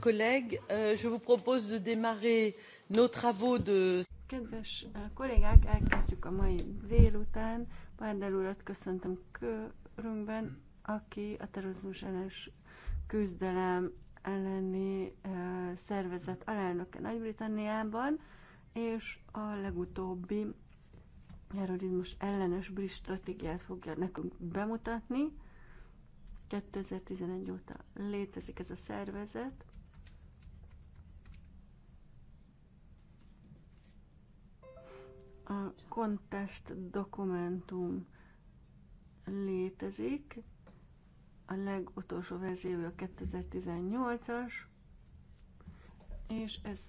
collègues, euh, je vous propose de démarrer nos travaux de... Kedves euh, kollégák, elkezdjük a mai délután. Párdel urat köszöntöm körünkben, aki a terrorizmus ellenes küzdelem elleni szervezet alelnöke Nagy-Britanniában, és a legutóbbi terrorizmus ellenes brit stratégiát fogja nekünk bemutatni. 2011 óta létezik ez a szervezet, A kontest dokumentum létezik, a legutolsó verziója a 2018-as, és ez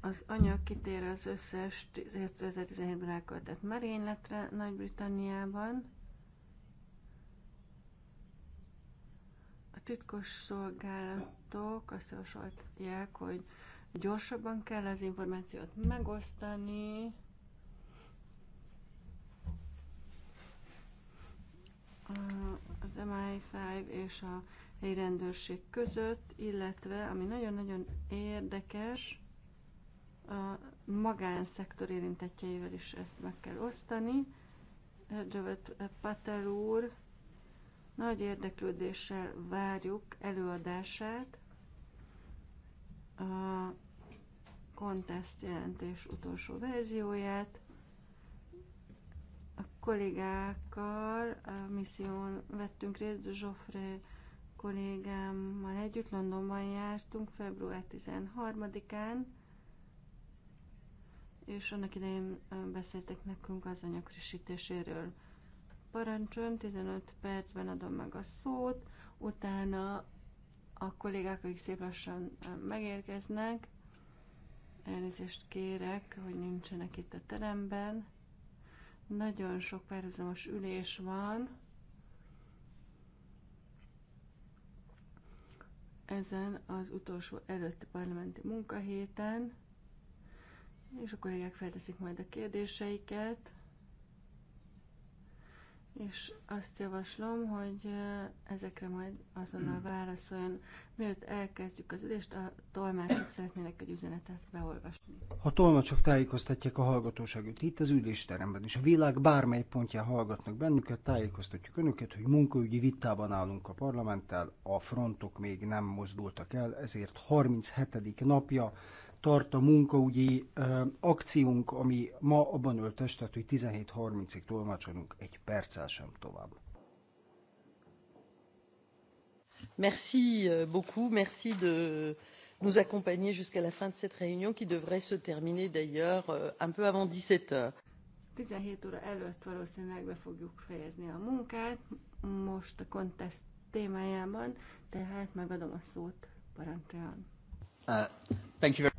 az anyag kitér az összes 2017-ben elköltett merényletre Nagy-Britanniában. A titkos szolgálatok azt javasolják, hogy Gyorsabban kell az információt megosztani. Az MI5 és a helyi rendőrség között, illetve, ami nagyon-nagyon érdekes, a magánszektor érintettjeivel is ezt meg kell osztani. Hergevet Patel úr, nagy érdeklődéssel várjuk előadását a konteszt jelentés utolsó verzióját. A kollégákkal a misszión vettünk részt, Zsofré kollégámmal együtt Londonban jártunk február 13-án, és annak idején beszéltek nekünk az anyag frissítéséről. Parancsoljon, 15 percben adom meg a szót, utána a kollégák, akik szép lassan megérkeznek. Elnézést kérek, hogy nincsenek itt a teremben. Nagyon sok párhuzamos ülés van. Ezen az utolsó előtti parlamenti munkahéten, és a kollégák felteszik majd a kérdéseiket és azt javaslom, hogy ezekre majd azonnal válaszoljon. Mielőtt elkezdjük az ülést, a tolmácsok szeretnének egy üzenetet beolvasni. A tolmácsok tájékoztatják a hallgatóságot itt az ülésteremben, és a világ bármely pontján hallgatnak bennünket, tájékoztatjuk önöket, hogy munkaügyi vitában állunk a parlamenttel, a frontok még nem mozdultak el, ezért 37. napja tart a munkaügyi ö, akciónk, ami ma abban öltös, tehát hogy 17.30-ig tolmácsolunk, egy perccel sem tovább. Merci euh, beaucoup, merci de nous accompagner jusqu'à la fin de cette réunion qui devrait se terminer d'ailleurs euh, un peu avant 17 heures. 17 óra előtt valószínűleg be fogjuk fejezni a munkát, most a kontest témájában, tehát megadom a szót parancsoljon. Uh, thank you very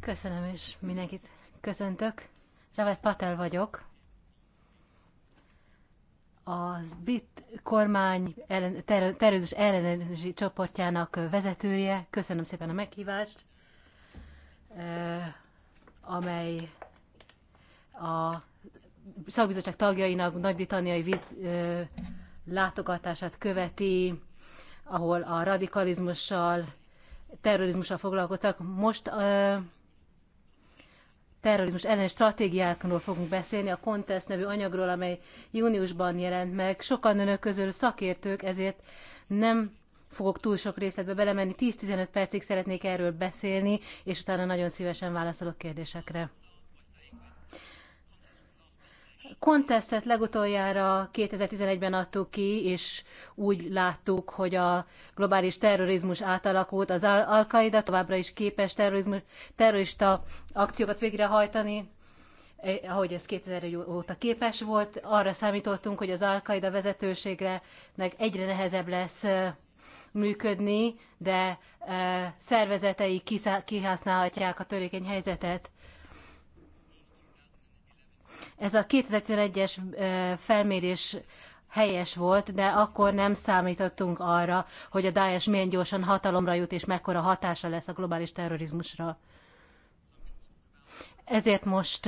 Köszönöm, és mindenkit köszöntök. Zsavet Patel vagyok. Az brit kormány ellen, ter, terrorizmus ellenőrzési csoportjának vezetője. Köszönöm szépen a meghívást, eh, amely a szakbizottság tagjainak nagy-britanniai eh, látogatását követi, ahol a radikalizmussal terrorizmussal foglalkoztak. Most eh, terrorizmus ellen stratégiákról fogunk beszélni, a Contest nevű anyagról, amely júniusban jelent meg. Sokan önök közül szakértők, ezért nem fogok túl sok részletbe belemenni, 10-15 percig szeretnék erről beszélni, és utána nagyon szívesen válaszolok kérdésekre. Contestet legutoljára 2011-ben adtuk ki, és úgy láttuk, hogy a globális terrorizmus átalakult, az al qaeda továbbra is képes terrorizmus, terrorista akciókat végrehajtani, eh, ahogy ez 2000 óta képes volt. Arra számítottunk, hogy az al qaeda vezetőségre egyre nehezebb lesz eh, működni, de eh, szervezetei kihasználhatják a törékeny helyzetet ez a 2011-es felmérés helyes volt, de akkor nem számítottunk arra, hogy a Daesh milyen gyorsan hatalomra jut, és mekkora hatása lesz a globális terrorizmusra. Ezért most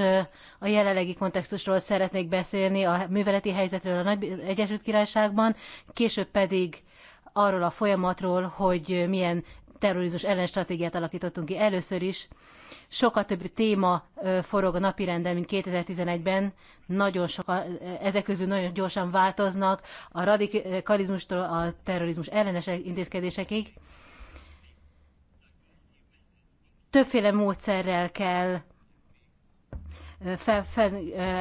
a jelenlegi kontextusról szeretnék beszélni, a műveleti helyzetről a Nagy Egyesült Királyságban, később pedig arról a folyamatról, hogy milyen terrorizmus ellenstratégiát alakítottunk ki először is. Sokkal több téma forog a napirenden, mint 2011-ben. Nagyon soka, ezek közül nagyon gyorsan változnak a radikalizmustól a terrorizmus ellenes intézkedésekig. Többféle módszerrel kell fel, fel,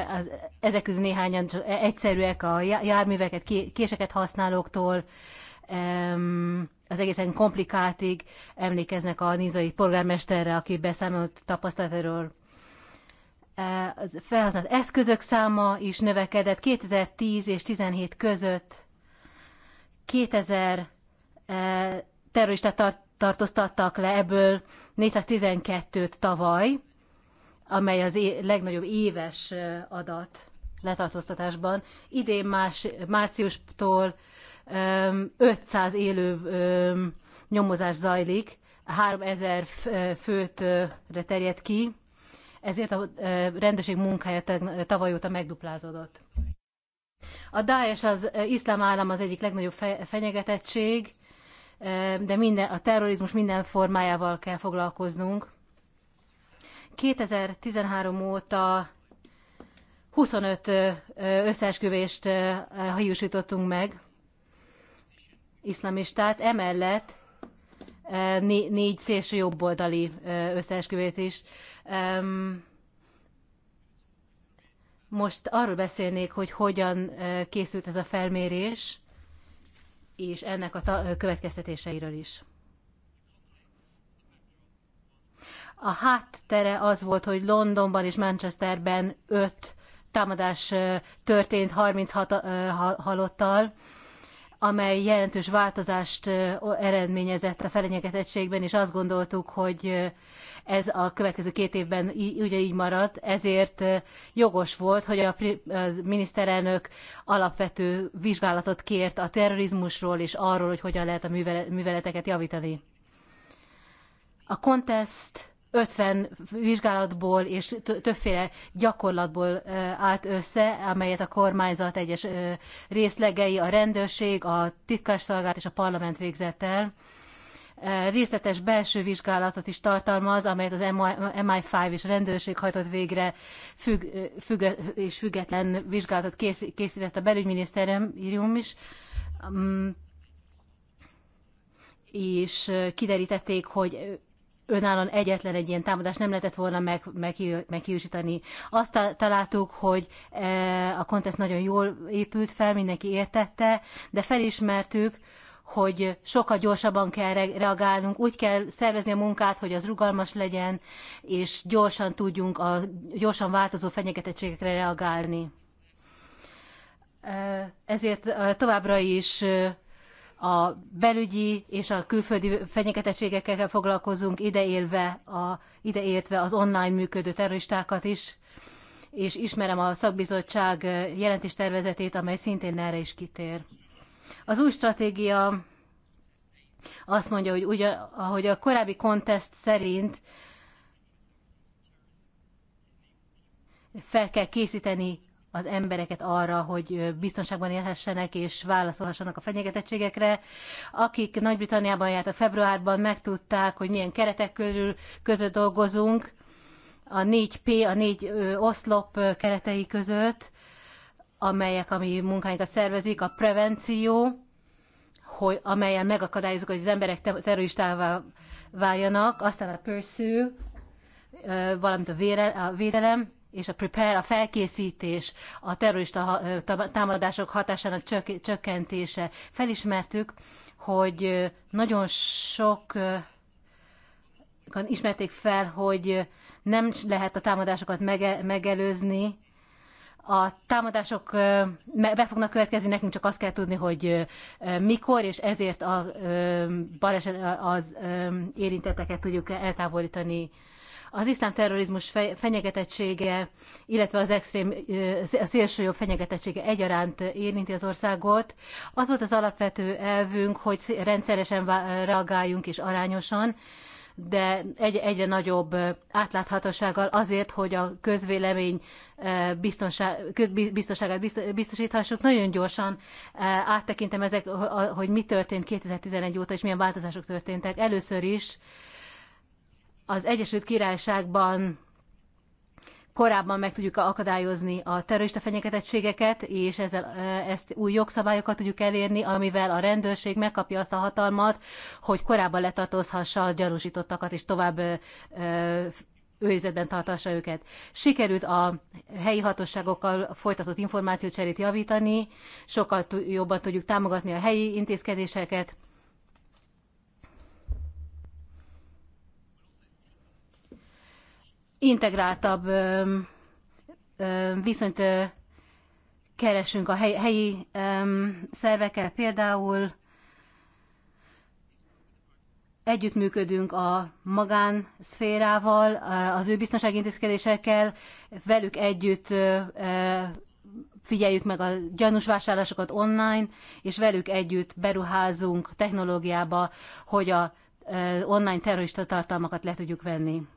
az, ezek közül néhányan egyszerűek a járműveket, késeket használóktól, um, az egészen komplikáltig emlékeznek a nizai polgármesterre, aki beszámolt tapasztalatáról. E, az felhasznált eszközök száma is növekedett 2010 és 17 között. 2000 e, terroristát tartóztattak le, ebből 412-t tavaly, amely az é- legnagyobb éves e, adat letartóztatásban. Idén más, márciustól 500 élő nyomozás zajlik, 3000 főtre terjed ki, ezért a rendőrség munkája tavaly óta megduplázódott. A Daesh az iszlám állam az egyik legnagyobb fenyegetettség, de minden, a terrorizmus minden formájával kell foglalkoznunk. 2013 óta 25 összeesküvést hajósítottunk meg, iszlamistát, emellett e, négy szélső jobboldali e, összeesküvét is. Most arról beszélnék, hogy hogyan e, készült ez a felmérés, és ennek a következtetéseiről is. A háttere az volt, hogy Londonban és Manchesterben öt támadás történt 36 halottal, amely jelentős változást eredményezett a felenyegetettségben, és azt gondoltuk, hogy ez a következő két évben így maradt, ezért jogos volt, hogy a miniszterelnök alapvető vizsgálatot kért a terrorizmusról és arról, hogy hogyan lehet a műveleteket javítani. A kontest 50 vizsgálatból és többféle gyakorlatból állt össze, amelyet a kormányzat egyes részlegei, a rendőrség, a titkásszolgálat és a parlament végzett el. Részletes belső vizsgálatot is tartalmaz, amelyet az MI5 és a rendőrség hajtott végre, függ, függ, és független vizsgálatot készített a írjunk is mm. és kiderítették, hogy önállóan egyetlen egy ilyen támadást nem lehetett volna meg, meg, meghiúsítani. Azt találtuk, hogy e, a konteszt nagyon jól épült fel, mindenki értette, de felismertük, hogy sokkal gyorsabban kell reagálnunk, úgy kell szervezni a munkát, hogy az rugalmas legyen, és gyorsan tudjunk a gyorsan változó fenyegetettségekre reagálni. E, ezért e, továbbra is a belügyi és a külföldi fenyegetettségekkel foglalkozunk, ideélve a, ideértve az online működő terroristákat is, és ismerem a szakbizottság jelentéstervezetét, amely szintén erre is kitér. Az új stratégia azt mondja, hogy ugyan, ahogy a korábbi kontest szerint fel kell készíteni az embereket arra, hogy biztonságban élhessenek és válaszolhassanak a fenyegetettségekre. Akik Nagy-Britanniában jártak februárban, megtudták, hogy milyen keretek körül között dolgozunk, a 4P, a 4 oszlop keretei között, amelyek a mi munkáinkat szervezik, a prevenció, hogy, amelyen megakadályozunk, hogy az emberek terroristává váljanak, aztán a pursue, valamint a, vére, a védelem, és a prepare, a felkészítés, a terrorista támadások hatásának csökkentése. Felismertük, hogy nagyon sok ismerték fel, hogy nem lehet a támadásokat mege, megelőzni, a támadások be fognak következni, nekünk csak azt kell tudni, hogy mikor, és ezért a baleset, az érintetteket tudjuk eltávolítani az iszlám terrorizmus fenyegetettsége, illetve az extrém, a szélsőjobb fenyegetettsége egyaránt érinti az országot. Az volt az alapvető elvünk, hogy rendszeresen reagáljunk és arányosan, de egy, egyre nagyobb átláthatósággal azért, hogy a közvélemény biztonság, biztonságát biztosíthassuk. Nagyon gyorsan áttekintem ezek, hogy mi történt 2011 óta, és milyen változások történtek. Először is az Egyesült Királyságban korábban meg tudjuk akadályozni a terrorista fenyegetettségeket, és ezzel, ezt új jogszabályokat tudjuk elérni, amivel a rendőrség megkapja azt a hatalmat, hogy korábban letartózhassa a gyanúsítottakat, és tovább őrizetben tartassa őket. Sikerült a helyi hatóságokkal folytatott információcserét javítani, sokkal jobban tudjuk támogatni a helyi intézkedéseket, integráltabb viszonyt keresünk a helyi szervekkel, például együttműködünk a magánszférával, az ő biztonsági intézkedésekkel, velük együtt figyeljük meg a gyanús vásárlásokat online, és velük együtt beruházunk technológiába, hogy a online terrorista tartalmakat le tudjuk venni.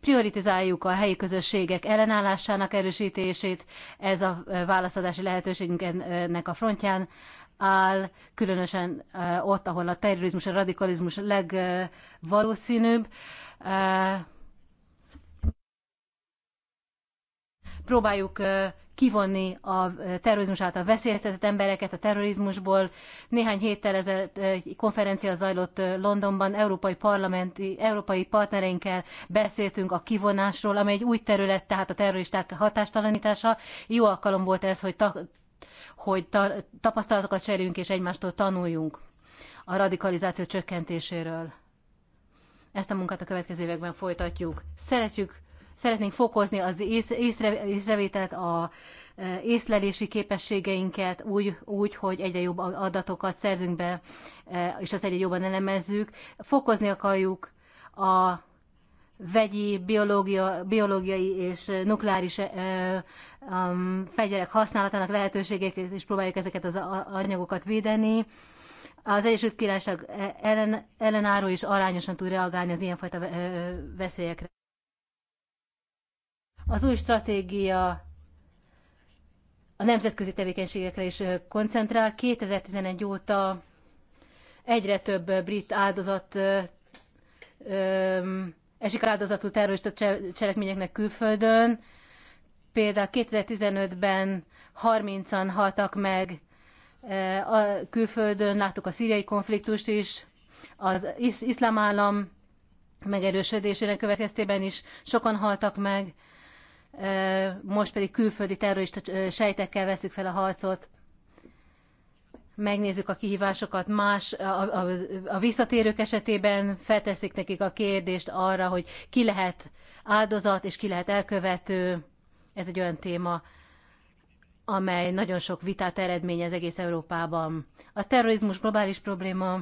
Prioritizáljuk a helyi közösségek ellenállásának erősítését, ez a válaszadási lehetőségünknek a frontján áll, különösen ott, ahol a terrorizmus, a radikalizmus legvalószínűbb. Próbáljuk kivonni a terrorizmus által veszélyeztetett embereket a terrorizmusból. Néhány héttel ezelőtt egy konferencia zajlott Londonban, európai parlamenti, európai partnereinkkel beszéltünk a kivonásról, amely egy új terület, tehát a terroristák hatástalanítása. Jó alkalom volt ez, hogy, ta, hogy ta, tapasztalatokat cserünk és egymástól tanuljunk a radikalizáció csökkentéséről. Ezt a munkát a következő években folytatjuk. Szeretjük Szeretnénk fokozni az észre, észrevételt, a e, észlelési képességeinket úgy, úgy, hogy egyre jobb adatokat szerzünk be, e, és azt egyre jobban elemezzük. Fokozni akarjuk a vegyi, biológia, biológiai és nukleáris e, um, fegyverek használatának lehetőségeket, és próbáljuk ezeket az anyagokat védeni. Az Egyesült Királyság ellen, ellenáró is arányosan tud reagálni az ilyenfajta veszélyekre. Az új stratégia a nemzetközi tevékenységekre is koncentrál. 2011 óta egyre több brit áldozat esik áldozatú terrorista cselekményeknek külföldön. Például 2015-ben 30-an haltak meg a külföldön, láttuk a szíriai konfliktust is, az iszlám állam megerősödésének következtében is sokan haltak meg, most pedig külföldi terrorista sejtekkel veszük fel a harcot, megnézzük a kihívásokat más, a, a, a visszatérők esetében felteszik nekik a kérdést arra, hogy ki lehet áldozat és ki lehet elkövető. Ez egy olyan téma, amely nagyon sok vitát eredményez egész Európában. A terrorizmus globális probléma,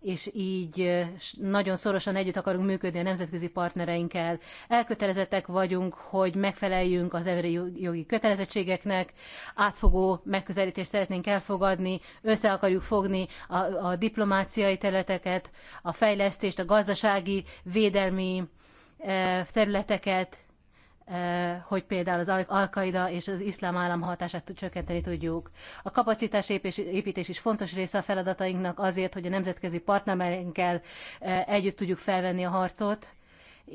és így nagyon szorosan együtt akarunk működni a nemzetközi partnereinkkel. Elkötelezettek vagyunk, hogy megfeleljünk az emberi jogi kötelezettségeknek, átfogó megközelítést szeretnénk elfogadni, össze akarjuk fogni a, a diplomáciai területeket, a fejlesztést, a gazdasági, védelmi területeket, Eh, hogy például az Al-Qaida és az iszlám állam hatását csökkenteni tudjuk. A kapacitás építés is fontos része a feladatainknak azért, hogy a nemzetközi partnereinkkel eh, együtt tudjuk felvenni a harcot,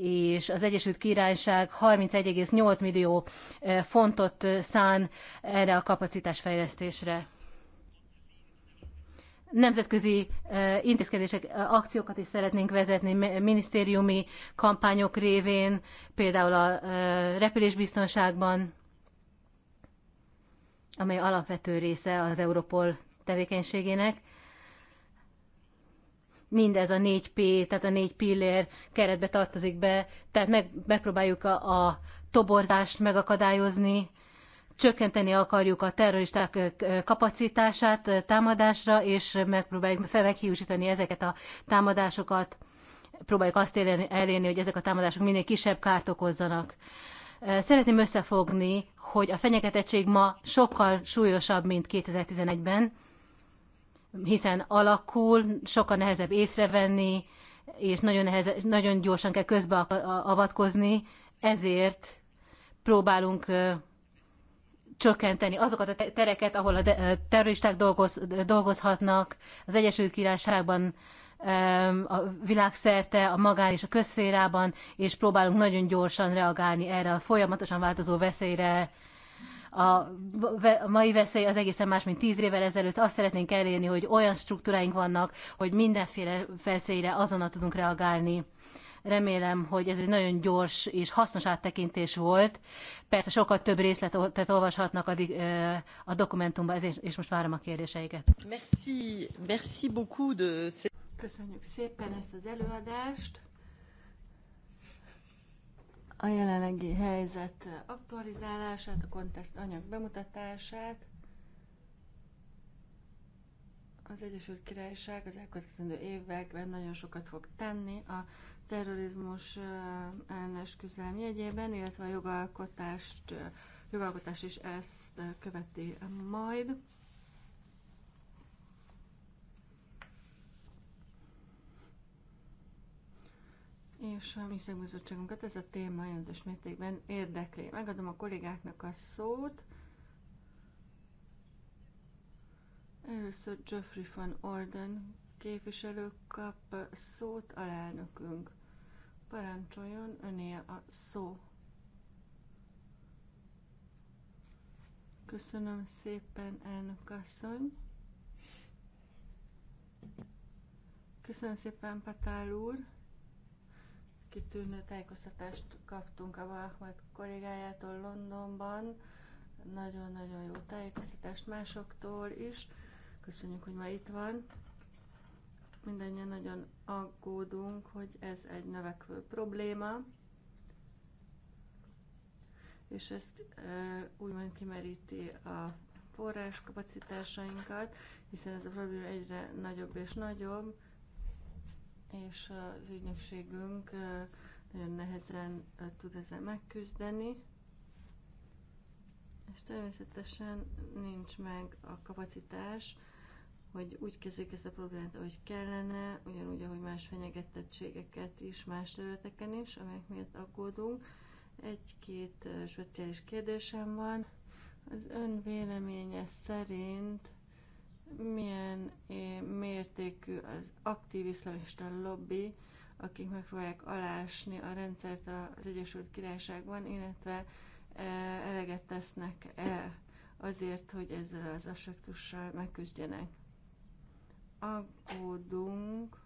és az Egyesült Királyság 31,8 millió eh, fontot szán erre a kapacitásfejlesztésre nemzetközi intézkedések, akciókat is szeretnénk vezetni minisztériumi kampányok révén, például a repülésbiztonságban, amely alapvető része az Europol tevékenységének. Mindez a 4P, tehát a 4 pillér keretbe tartozik be, tehát meg, megpróbáljuk a, a toborzást megakadályozni, csökkenteni akarjuk a terroristák kapacitását támadásra, és megpróbáljuk meghiúsítani ezeket a támadásokat. Próbáljuk azt elérni, hogy ezek a támadások minél kisebb kárt okozzanak. Szeretném összefogni, hogy a fenyegetettség ma sokkal súlyosabb, mint 2011-ben, hiszen alakul, sokkal nehezebb észrevenni, és nagyon, neheze, nagyon gyorsan kell közbe avatkozni, ezért próbálunk csökkenteni azokat a tereket, ahol a eh, terroristák dolgoz, dolgozhatnak. Az Egyesült Királyságban a világszerte, a magán és a közférában, és próbálunk nagyon gyorsan reagálni erre a folyamatosan változó veszélyre. A mai veszély az egészen más, mint tíz évvel ezelőtt. Azt szeretnénk elérni, hogy olyan struktúráink vannak, hogy mindenféle veszélyre azonnal tudunk reagálni. Remélem, hogy ez egy nagyon gyors és hasznos áttekintés volt. Persze sokkal több részletet olvashatnak a, a dokumentumban, ezért, és most várom a kérdéseiket. Merci, merci beaucoup de... Köszönjük szépen ezt az előadást. A jelenlegi helyzet aktualizálását, a kontext anyag bemutatását, az Egyesült Királyság az elkövetkezendő években nagyon sokat fog tenni a terrorizmus ellenes küzdelem jegyében, illetve a jogalkotást, jogalkotás is ezt követi majd. És a mi szakbizottságunkat ez a téma jelentős mértékben érdekli. Megadom a kollégáknak a szót. Először Geoffrey van Orden képviselő kap szót alelnökünk. Parancsoljon, öné a szó. Köszönöm szépen, elnök asszony. Köszönöm szépen, Patál úr. Kitűnő tájékoztatást kaptunk a Balakmat kollégájától Londonban. Nagyon-nagyon jó tájékoztatást másoktól is. Köszönjük, hogy ma itt van mindannyian nagyon aggódunk, hogy ez egy növekvő probléma, és ez e, úgymond kimeríti a forrás kapacitásainkat, hiszen ez a probléma egyre nagyobb és nagyobb, és az ügynökségünk e, nagyon nehezen e, tud ezzel megküzdeni, és természetesen nincs meg a kapacitás, hogy úgy kezeljék ezt a problémát, ahogy kellene, ugyanúgy, ahogy más fenyegetettségeket is más területeken is, amelyek miatt aggódunk. Egy-két speciális kérdésem van. Az ön véleménye szerint milyen mértékű az aktív iszlamista lobby, akik megpróbálják alásni a rendszert az Egyesült Királyságban, illetve eleget tesznek el azért, hogy ezzel az aspektussal megküzdjenek aggódunk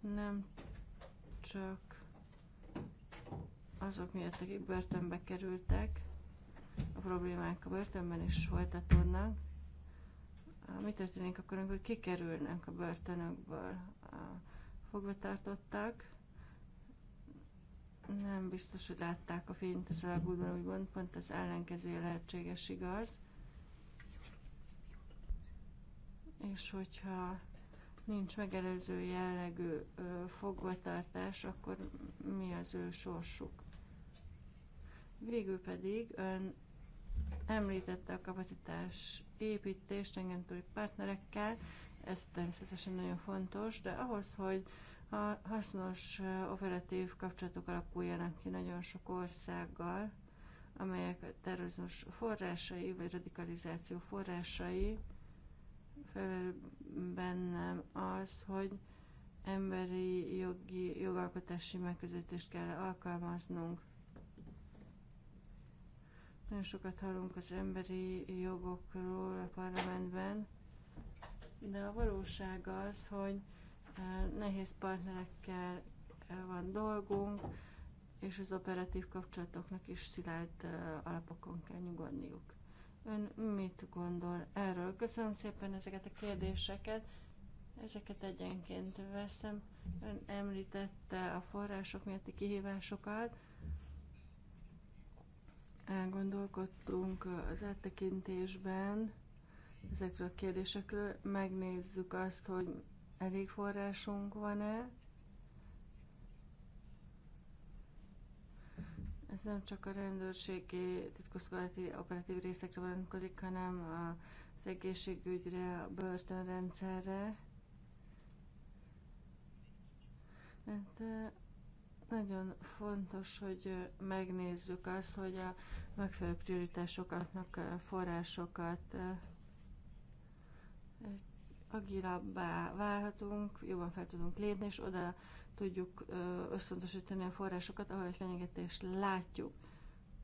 nem csak azok miatt, akik börtönbe kerültek, a problémák a börtönben is folytatódnak. Mi történik akkor, amikor kikerülnek a börtönökből a fogvatartottak? Nem biztos, hogy látták a fényt az alagútban, úgymond pont az ellenkező lehetséges igaz. És hogyha nincs megelőző jellegű fogvatartás, akkor mi az ő sorsuk. Végül pedig ön említette a kapacitás építést engedtői partnerekkel, ez természetesen nagyon fontos, de ahhoz, hogy a hasznos operatív kapcsolatok alakuljanak ki nagyon sok országgal, amelyek terrorizmus forrásai, vagy radikalizáció forrásai, fel bennem az, hogy emberi jogi, jogalkotási megközelítést kell alkalmaznunk. Nagyon sokat hallunk az emberi jogokról a parlamentben, de a valóság az, hogy eh, nehéz partnerekkel eh, van dolgunk, és az operatív kapcsolatoknak is szilárd eh, alapokon kell nyugodniuk. Ön mit gondol erről? Köszönöm szépen ezeket a kérdéseket. Ezeket egyenként veszem. Ön említette a források miatti kihívásokat. Elgondolkodtunk az áttekintésben ezekről a kérdésekről. Megnézzük azt, hogy elég forrásunk van-e, Ez nem csak a rendőrségi titkosszolgálati operatív részekre vonatkozik, hanem az egészségügyre, a börtönrendszerre. Hát, nagyon fontos, hogy megnézzük azt, hogy a megfelelő prioritásokatnak forrásokat agilabbá válhatunk, jobban fel tudunk lépni, és oda tudjuk összpontosítani a forrásokat, ahol a fenyegetést látjuk.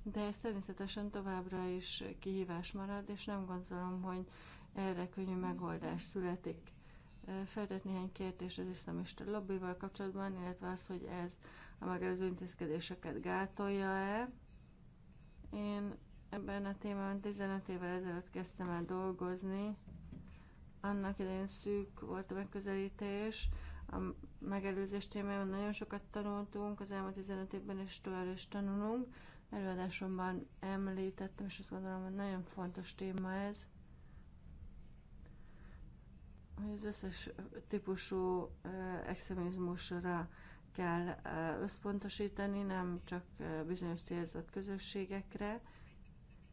De ez természetesen továbbra is kihívás marad, és nem gondolom, hogy erre könnyű megoldás születik. Feltett néhány kérdés az iszlamista lobbival kapcsolatban, illetve az, hogy ez a megelőző intézkedéseket gátolja-e. Én ebben a témában 15 évvel ezelőtt kezdtem el dolgozni. Annak idején szűk volt a megközelítés, a megelőzés témájában nagyon sokat tanultunk, az elmúlt 15 évben és tovább is tanulunk. Előadásomban említettem, és azt gondolom, hogy nagyon fontos téma ez, hogy az összes típusú extremizmusra kell összpontosítani, nem csak bizonyos célzott közösségekre.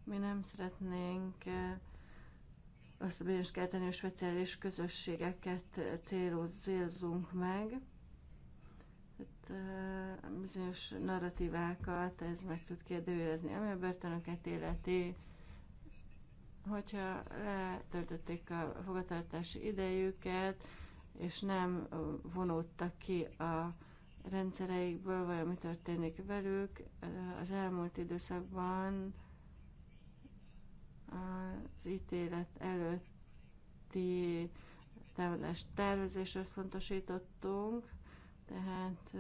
Mi nem szeretnénk azt a bizonyos kerteni és közösségeket közösségeket eh, célzunk meg. Tehát, eh, bizonyos narratívákat ez meg tud kérdőjelezni, ami a börtönöket életi, hogyha letöltötték a fogatartási idejüket, és nem vonódtak ki a rendszereikből, vagy ami történik velük, eh, az elmúlt időszakban az ítélet előtti támadás tervezés összpontosítottunk, tehát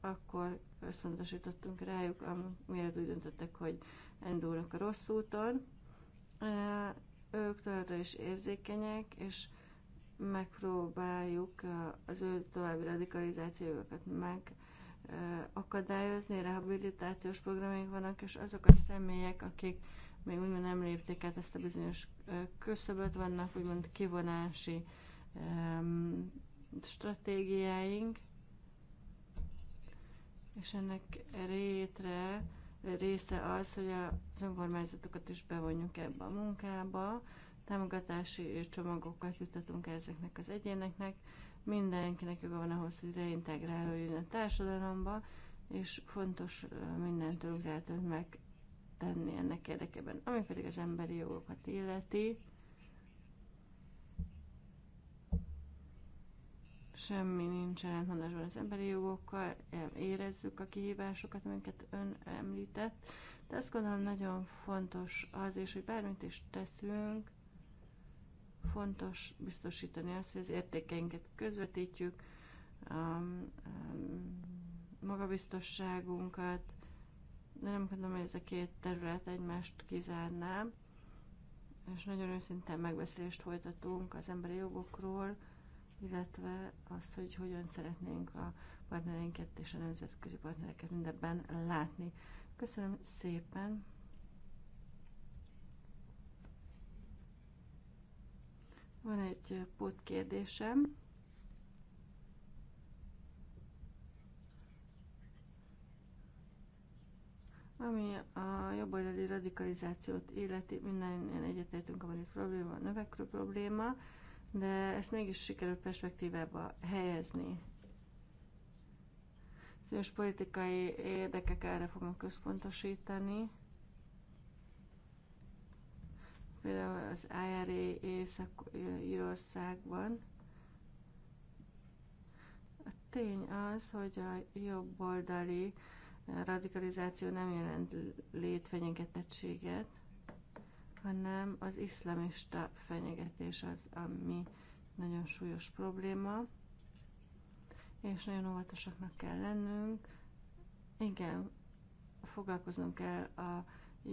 akkor összpontosítottunk rájuk, amiért úgy döntöttek, hogy indulnak a rossz úton. Ők továbbra is érzékenyek, és megpróbáljuk az ő további radikalizációkat meg akadályozni, rehabilitációs programjaink vannak, és azok a személyek, akik még úgymond nem lépték át ezt a bizonyos küszöböt, vannak úgymond kivonási um, stratégiáink, és ennek rétre, része az, hogy az önkormányzatokat is bevonjuk ebbe a munkába, támogatási csomagokat juttatunk ezeknek az egyéneknek, mindenkinek joga van ahhoz, hogy reintegrálódjon a társadalomba, és fontos mindentől lehetőt megtenni ennek érdekében. Ami pedig az emberi jogokat illeti, semmi nincs ellentmondásban az emberi jogokkal, e, érezzük a kihívásokat, amiket ön említett, de azt gondolom nagyon fontos az is, hogy bármit is teszünk, Fontos biztosítani azt, hogy az értékeinket közvetítjük, a, um, um, magabiztosságunkat, de nem gondolom, hogy ez a két terület egymást kizárná, és nagyon őszintén megbeszélést folytatunk az emberi jogokról, illetve az, hogy hogyan szeretnénk a partnereinket és a nemzetközi partnereket mindebben látni. Köszönöm szépen! Van egy pot kérdésem. Ami a jobboldali radikalizációt illeti, mindannyian egyetértünk, abban ez probléma, a növekvő probléma, de ezt mégis sikerült perspektívába helyezni. Szóval politikai érdekek erre fognak központosítani. például az IRA Észak-Írországban. A tény az, hogy a jobboldali eh, radikalizáció nem jelent létfenyegetettséget, hanem az iszlamista fenyegetés az, ami nagyon súlyos probléma, és nagyon óvatosaknak kell lennünk. Igen, foglalkoznunk kell a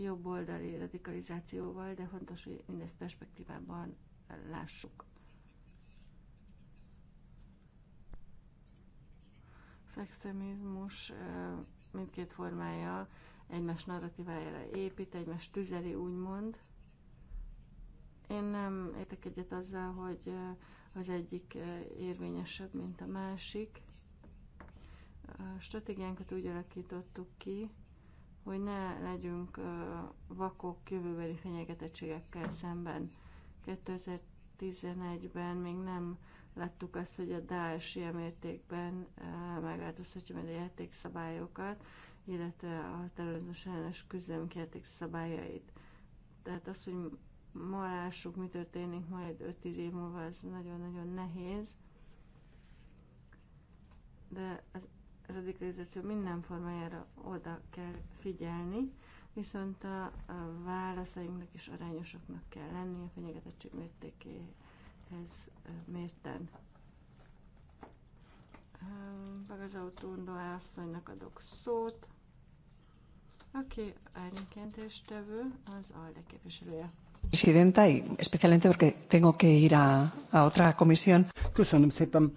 jobboldali radikalizációval, de fontos, hogy mindezt perspektívában lássuk. Az mindkét formája egymás narratívájára épít, egymás tüzeli, úgymond. Én nem értek egyet azzal, hogy az egyik érvényesebb, mint a másik. A stratégiánkat úgy alakítottuk ki, hogy ne legyünk vakok jövőbeli fenyegetettségekkel szemben. 2011-ben még nem láttuk azt, hogy a DAS ilyen mértékben megváltoztatja majd a játékszabályokat, illetve a terrorizmus ellenes küzdelmi játékszabályait. Tehát az, hogy ma lássuk, mi történik majd 5-10 év múlva, ez nagyon-nagyon nehéz. De az a radikalizáció minden formájára oda kell figyelni, viszont a, válaszainknak is arányosoknak kell lenni a fenyegetettség mértékéhez mérten. Meg az autóndó asszonynak adok szót, aki árnyékjelentéstevő, az ALDE képviselője. Presidenta, especialmente porque tengo que ir a, a otra comisión. Köszönöm szépen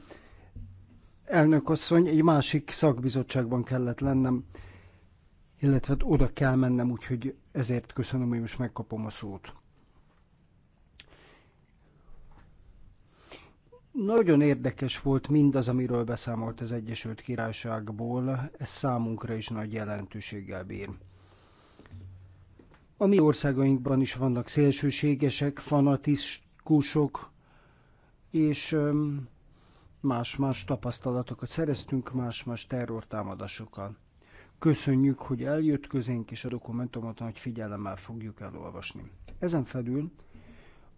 elnök asszony, egy másik szakbizottságban kellett lennem, illetve hát oda kell mennem, úgyhogy ezért köszönöm, hogy most megkapom a szót. Nagyon érdekes volt mindaz, amiről beszámolt az Egyesült Királyságból, ez számunkra is nagy jelentőséggel bír. A mi országainkban is vannak szélsőségesek, fanatikusok, és öm, más-más tapasztalatokat szereztünk más-más terrortámadásokkal. Köszönjük, hogy eljött közénk, és a dokumentumot nagy figyelemmel fogjuk elolvasni. Ezen felül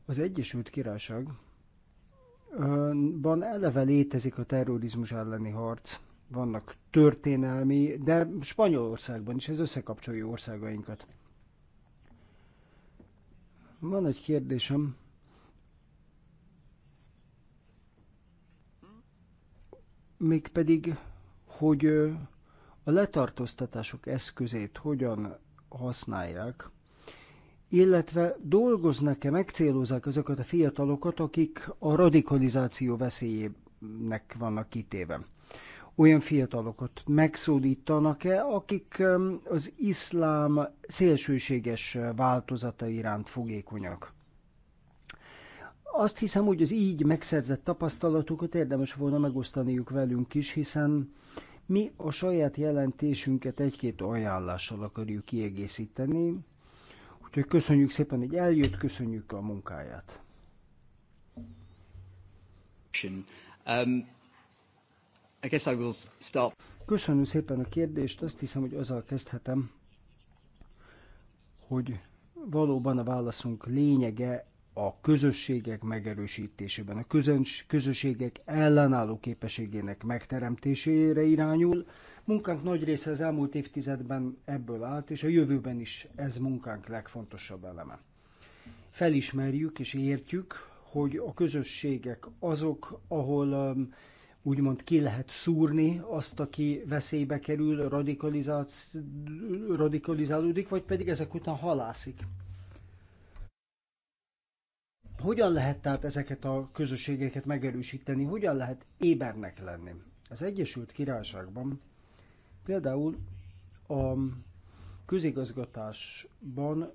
az Egyesült Királyság van eleve létezik a terrorizmus elleni harc. Vannak történelmi, de Spanyolországban is ez összekapcsolja országainkat. Van egy kérdésem mégpedig, hogy a letartóztatások eszközét hogyan használják, illetve dolgoznak-e, megcélozzák azokat a fiatalokat, akik a radikalizáció veszélyének vannak kitéve. Olyan fiatalokat megszólítanak-e, akik az iszlám szélsőséges változata iránt fogékonyak. Azt hiszem, hogy az így megszerzett tapasztalatokat érdemes volna megosztaniuk velünk is, hiszen mi a saját jelentésünket egy-két ajánlással akarjuk kiegészíteni, úgyhogy köszönjük szépen, hogy eljött, köszönjük a munkáját. Um, Köszönöm szépen a kérdést, azt hiszem, hogy azzal kezdhetem, hogy valóban a válaszunk lényege a közösségek megerősítésében, a közöns, közösségek ellenálló képességének megteremtésére irányul. Munkánk nagy része az elmúlt évtizedben ebből állt, és a jövőben is ez munkánk legfontosabb eleme. Felismerjük és értjük, hogy a közösségek azok, ahol um, úgymond ki lehet szúrni azt, aki veszélybe kerül, radikalizálódik, vagy pedig ezek után halászik hogyan lehet tehát ezeket a közösségeket megerősíteni? Hogyan lehet ébernek lenni? Az Egyesült Királyságban például a közigazgatásban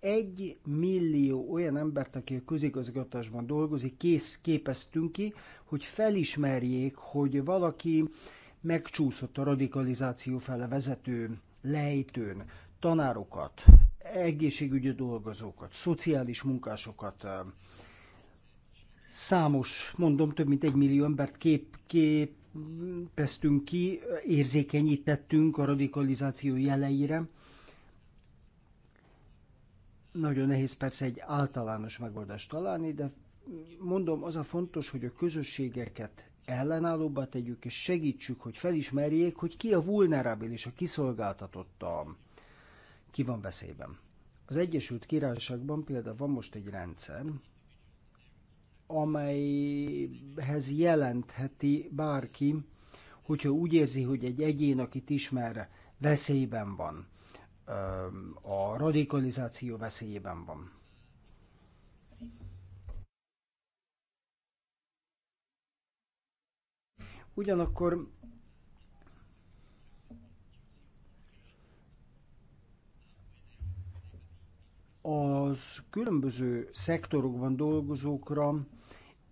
egy millió olyan embert, aki a közigazgatásban dolgozik, kész képeztünk ki, hogy felismerjék, hogy valaki megcsúszott a radikalizáció fele vezető lejtőn. Tanárokat, egészségügyi dolgozókat, szociális munkásokat, számos, mondom, több mint egy millió embert kép, képeztünk ki, érzékenyítettünk a radikalizáció jeleire. Nagyon nehéz persze egy általános megoldást találni, de mondom, az a fontos, hogy a közösségeket ellenállóbbá tegyük, és segítsük, hogy felismerjék, hogy ki a vulnerabilis, a kiszolgáltatott, a, ki van veszélyben. Az Egyesült Királyságban például van most egy rendszer, amelyhez jelentheti bárki, hogyha úgy érzi, hogy egy egyén, akit ismer, veszélyben van, a radikalizáció veszélyében van. Ugyanakkor az különböző szektorokban dolgozókra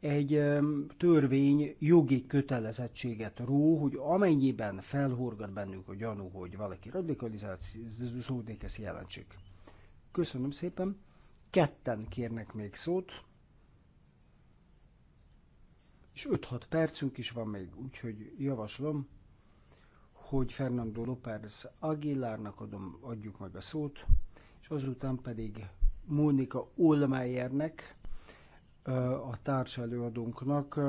egy törvény jogi kötelezettséget ró, hogy amennyiben felhorgat bennük a gyanú, hogy valaki radikalizálódik, ezt jelentsék. Köszönöm szépen. Ketten kérnek még szót. És 5-6 percünk is van még, úgyhogy javaslom, hogy Fernando López Aguilárnak adom, adjuk meg a szót, és azután pedig Mónika Olmeyernek, a társelőadónknak.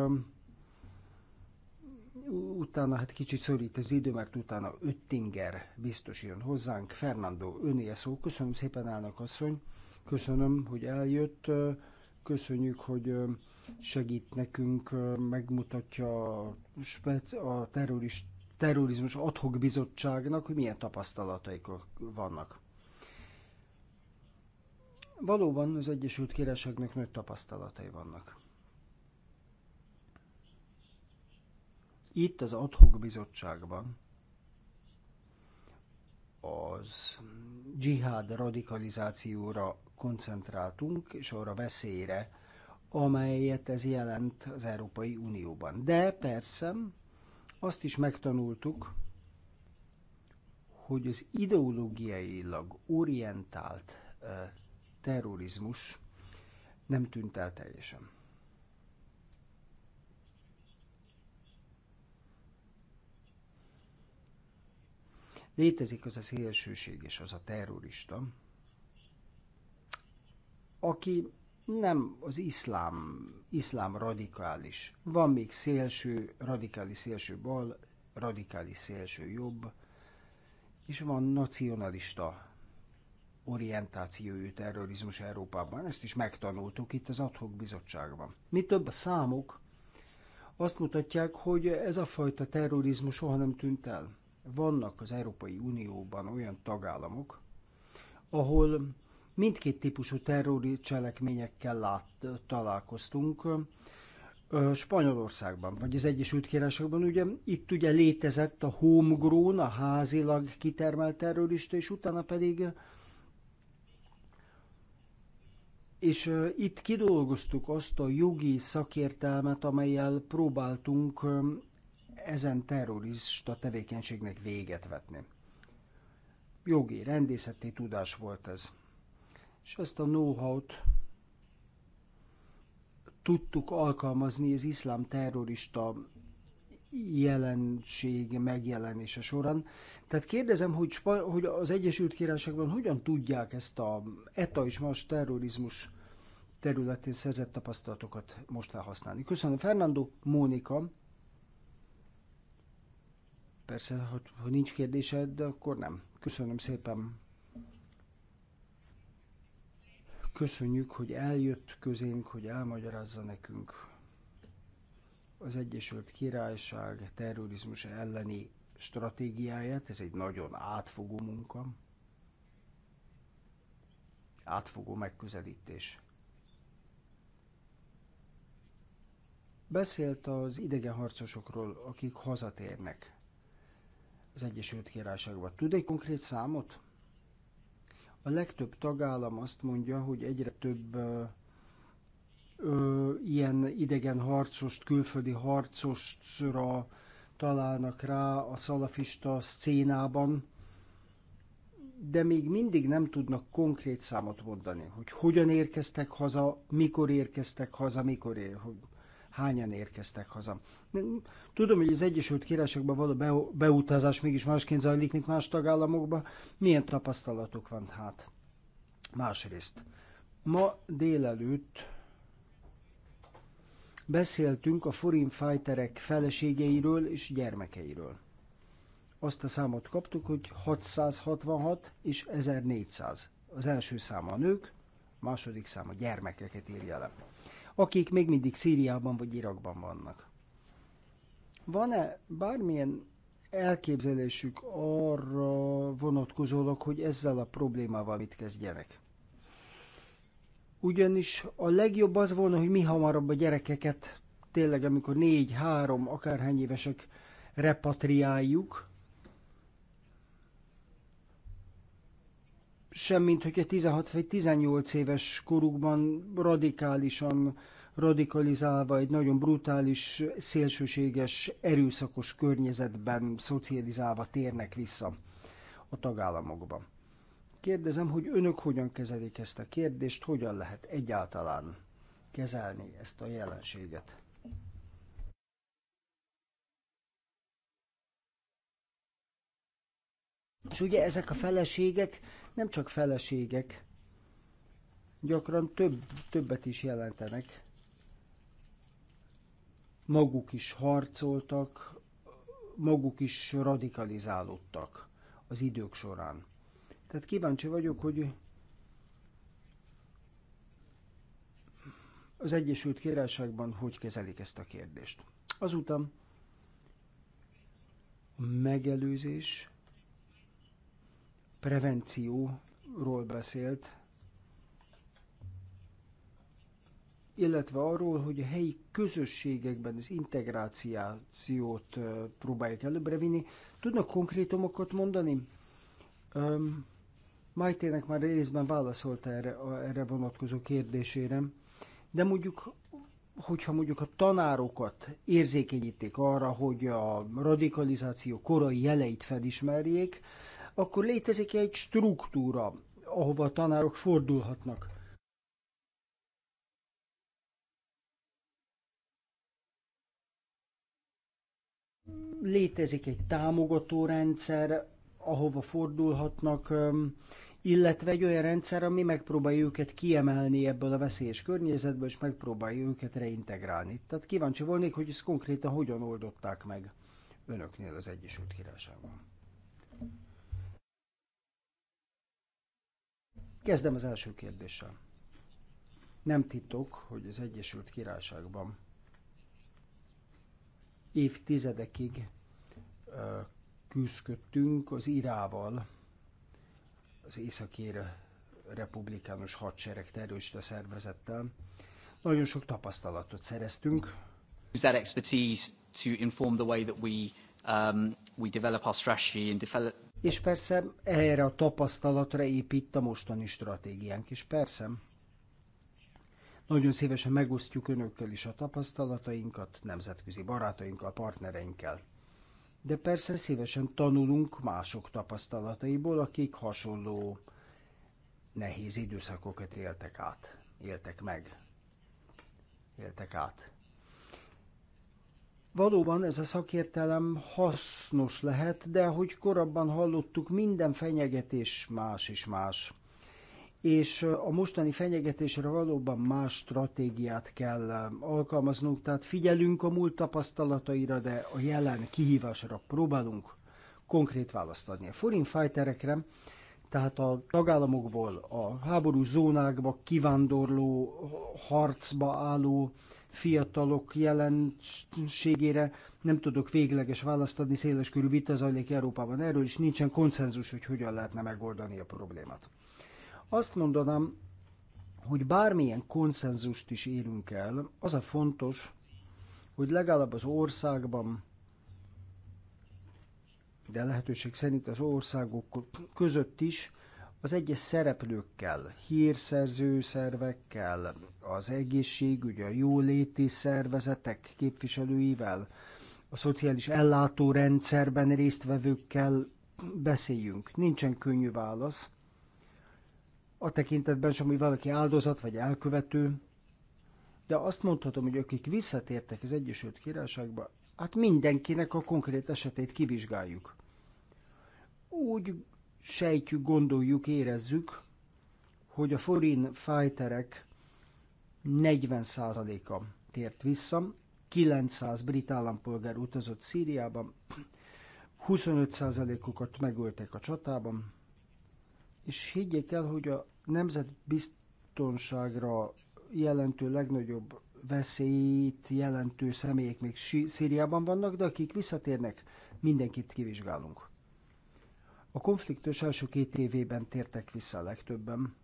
Utána hát kicsit szorít az idő, mert utána Öttinger biztos jön hozzánk. Fernando, önél szó. Köszönöm szépen, állnak asszony. Köszönöm, hogy eljött. Köszönjük, hogy segít nekünk, megmutatja a, a terrorist, terrorizmus adhok bizottságnak, hogy milyen tapasztalataik vannak. Valóban az Egyesült Királyságnak nagy tapasztalatai vannak. Itt az adhok bizottságban az dzsihád radikalizációra koncentráltunk, és arra veszélyre, amelyet ez jelent az Európai Unióban. De persze azt is megtanultuk, hogy az ideológiailag orientált eh, terrorizmus nem tűnt el teljesen. Létezik az a szélsőség és az a terrorista, aki nem az iszlám, iszlám radikális. Van még szélső, radikális szélső bal, radikális szélső jobb, és van nacionalista orientációjú terrorizmus Európában. Ezt is megtanultuk itt az Adhok Bizottságban. Mi több a számok azt mutatják, hogy ez a fajta terrorizmus soha nem tűnt el. Vannak az Európai Unióban olyan tagállamok, ahol mindkét típusú terrori cselekményekkel lát, találkoztunk. Spanyolországban, vagy az Egyesült Királyságban, ugye itt ugye létezett a homegrown, a házilag kitermelt terrorista, és utána pedig és itt kidolgoztuk azt a jogi szakértelmet, amelyel próbáltunk ezen terrorista tevékenységnek véget vetni. Jogi, rendészeti tudás volt ez. És ezt a know-how-t tudtuk alkalmazni az iszlám terrorista jelenség megjelenése során, tehát kérdezem, hogy, hogy az Egyesült Királyságban hogyan tudják ezt a ETA és más terrorizmus területén szerzett tapasztalatokat most felhasználni. Köszönöm, Fernando, Mónika. Persze, ha, ha nincs kérdésed, akkor nem. Köszönöm szépen. Köszönjük, hogy eljött közénk, hogy elmagyarázza nekünk az Egyesült Királyság terrorizmus elleni stratégiáját, ez egy nagyon átfogó munka, átfogó megközelítés. Beszélt az idegenharcosokról, akik hazatérnek az Egyesült Királyságba. Tud egy konkrét számot? A legtöbb tagállam azt mondja, hogy egyre több ö, ö, ilyen idegen harcost, külföldi harcostra találnak rá a szalafista szcénában, de még mindig nem tudnak konkrét számot mondani, hogy hogyan érkeztek haza, mikor érkeztek haza, mikor ér, hogy hányan érkeztek haza. Tudom, hogy az Egyesült Királyságban való beutazás mégis másként zajlik, mint más tagállamokban. Milyen tapasztalatok van hát? Másrészt, ma délelőtt Beszéltünk a foreign fighterek feleségeiről és gyermekeiről. Azt a számot kaptuk, hogy 666 és 1400. Az első száma a nők, második száma gyermekeket írja le. Akik még mindig Szíriában vagy Irakban vannak. Van-e bármilyen elképzelésük arra vonatkozólag, hogy ezzel a problémával mit kezdjenek? Ugyanis a legjobb az volna, hogy mi hamarabb a gyerekeket, tényleg amikor négy, három, akárhány évesek repatriáljuk, semmint, hogyha 16 vagy 18 éves korukban radikálisan radikalizálva egy nagyon brutális, szélsőséges, erőszakos környezetben szocializálva térnek vissza a tagállamokba. Kérdezem, hogy önök hogyan kezelik ezt a kérdést, hogyan lehet egyáltalán kezelni ezt a jelenséget? És ugye ezek a feleségek nem csak feleségek, gyakran több, többet is jelentenek. Maguk is harcoltak, maguk is radikalizálódtak az idők során. Tehát kíváncsi vagyok, hogy az Egyesült Királyságban hogy kezelik ezt a kérdést. Azután megelőzés, prevencióról beszélt, illetve arról, hogy a helyi közösségekben az integrációt próbálják előbbre vinni. Tudnak konkrétumokat mondani? Majtének már részben válaszolt erre, a, erre vonatkozó kérdésére, de mondjuk, hogyha mondjuk a tanárokat érzékenyítik arra, hogy a radikalizáció korai jeleit felismerjék, akkor létezik egy struktúra, ahova a tanárok fordulhatnak. Létezik egy támogató rendszer, ahova fordulhatnak, illetve egy olyan rendszer, ami megpróbálja őket kiemelni ebből a veszélyes környezetből, és megpróbálja őket reintegrálni. Tehát kíváncsi volnék, hogy ezt konkrétan hogyan oldották meg önöknél az Egyesült Királyságban. Kezdem az első kérdéssel. Nem titok, hogy az Egyesült Királyságban évtizedekig küzdködtünk az Irával, az északér republikánus hadsereg terrorista szervezettel. Nagyon sok tapasztalatot szereztünk. Use that expertise to inform the way that we, um, we develop our strategy and develop... És persze erre a tapasztalatra épít a mostani stratégiánk is, persze. Nagyon szívesen megosztjuk önökkel is a tapasztalatainkat, nemzetközi barátainkkal, partnereinkkel de persze szívesen tanulunk mások tapasztalataiból, akik hasonló nehéz időszakokat éltek át, éltek meg, éltek át. Valóban ez a szakértelem hasznos lehet, de ahogy korábban hallottuk, minden fenyegetés más és más és a mostani fenyegetésre valóban más stratégiát kell alkalmaznunk, tehát figyelünk a múlt tapasztalataira, de a jelen kihívásra próbálunk konkrét választ adni. A foreign fighterekre, tehát a tagállamokból a háború zónákba kivándorló, harcba álló fiatalok jelenségére nem tudok végleges választ adni, körű vita zajlik Európában erről, és nincsen konszenzus, hogy hogyan lehetne megoldani a problémát. Azt mondanám, hogy bármilyen konszenzust is érünk el, az a fontos, hogy legalább az országban, de lehetőség szerint az országok között is, az egyes szereplőkkel, hírszerző szervekkel, az egészségügy, a jóléti szervezetek képviselőivel, a szociális ellátórendszerben résztvevőkkel beszéljünk. Nincsen könnyű válasz, a tekintetben sem, hogy valaki áldozat vagy elkövető, de azt mondhatom, hogy akik visszatértek az Egyesült Királyságba, hát mindenkinek a konkrét esetét kivizsgáljuk. Úgy sejtjük, gondoljuk, érezzük, hogy a forin fighterek 40%-a tért vissza, 900 brit állampolgár utazott Szíriában, 25%-ukat megöltek a csatában, és higgyék el, hogy a nemzetbiztonságra jelentő legnagyobb veszélyt jelentő személyek még Szíriában vannak, de akik visszatérnek, mindenkit kivizsgálunk. A konfliktus első két évében tértek vissza a legtöbben,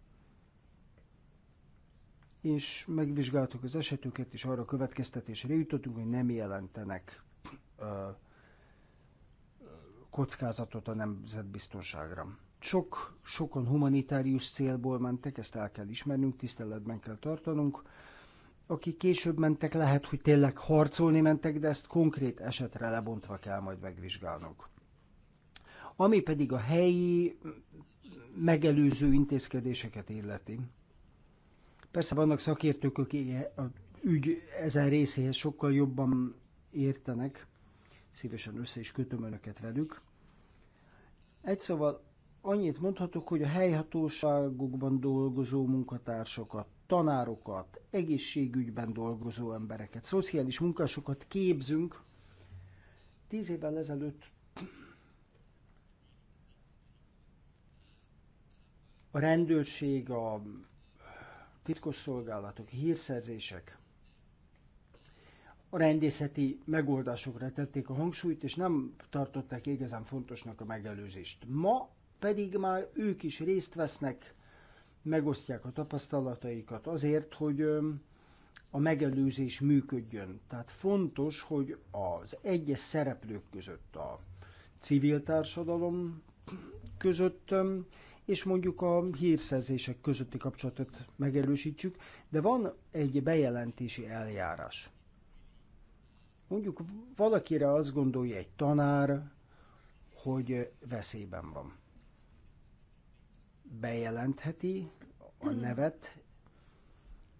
és megvizsgáltuk az esetüket, és arra következtetésre jutottunk, hogy nem jelentenek ö, kockázatot a nemzetbiztonságra. Sok, sokan humanitárius célból mentek, ezt el kell ismernünk, tiszteletben kell tartanunk. Akik később mentek, lehet, hogy tényleg harcolni mentek, de ezt konkrét esetre lebontva kell majd megvizsgálnunk. Ami pedig a helyi megelőző intézkedéseket illeti. Persze vannak szakértők, akik a ügy ezen részéhez sokkal jobban értenek, szívesen össze is kötöm önöket velük. Egy szóval Annyit mondhatok, hogy a helyhatóságokban dolgozó munkatársokat, tanárokat, egészségügyben dolgozó embereket, szociális munkásokat képzünk. Tíz évvel ezelőtt a rendőrség, a titkosszolgálatok, a hírszerzések a rendészeti megoldásokra tették a hangsúlyt, és nem tartották igazán fontosnak a megelőzést. Ma pedig már ők is részt vesznek, megosztják a tapasztalataikat azért, hogy a megelőzés működjön. Tehát fontos, hogy az egyes szereplők között, a civil társadalom között, és mondjuk a hírszerzések közötti kapcsolatot megerősítsük, de van egy bejelentési eljárás. Mondjuk valakire azt gondolja egy tanár, hogy veszélyben van bejelentheti a hmm. nevet,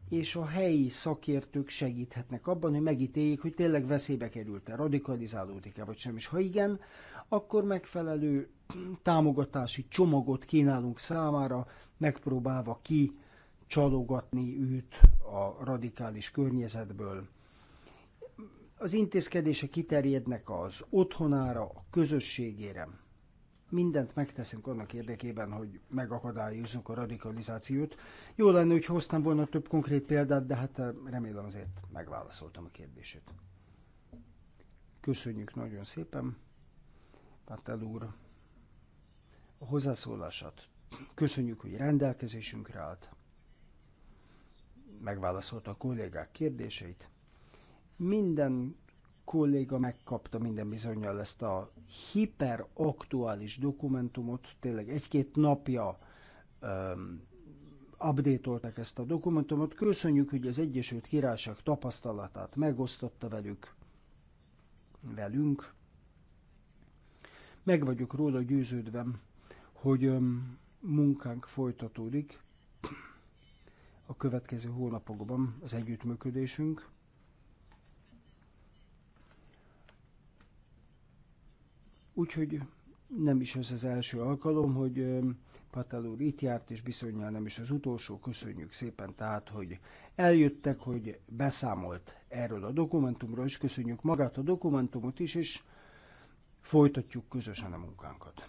és a helyi szakértők segíthetnek abban, hogy megítéljék, hogy tényleg veszélybe került-e, radikalizálódik-e vagy sem. És ha igen, akkor megfelelő támogatási csomagot kínálunk számára, megpróbálva ki csalogatni őt a radikális környezetből. Az intézkedések kiterjednek az otthonára, a közösségére mindent megteszünk annak érdekében, hogy megakadályozzuk a radikalizációt. Jó lenne, hogy hoztam volna több konkrét példát, de hát eh, remélem azért megválaszoltam a kérdését. Köszönjük nagyon szépen, Patel úr, a hozzászólását. Köszönjük, hogy rendelkezésünkre állt. Megválaszolta a kollégák kérdéseit. Minden kolléga megkapta minden bizonyal ezt a hiperaktuális dokumentumot, tényleg egy-két napja um, updatolták ezt a dokumentumot. Köszönjük, hogy az Egyesült Királyság tapasztalatát megosztotta velük, velünk. Meg vagyok róla győződve, hogy um, munkánk folytatódik a következő hónapokban az együttműködésünk Úgyhogy nem is ez az első alkalom, hogy Patel úr itt járt, és bizonyára nem is az utolsó. Köszönjük szépen tehát, hogy eljöttek, hogy beszámolt erről a dokumentumról, és köszönjük magát a dokumentumot is, és folytatjuk közösen a munkánkat.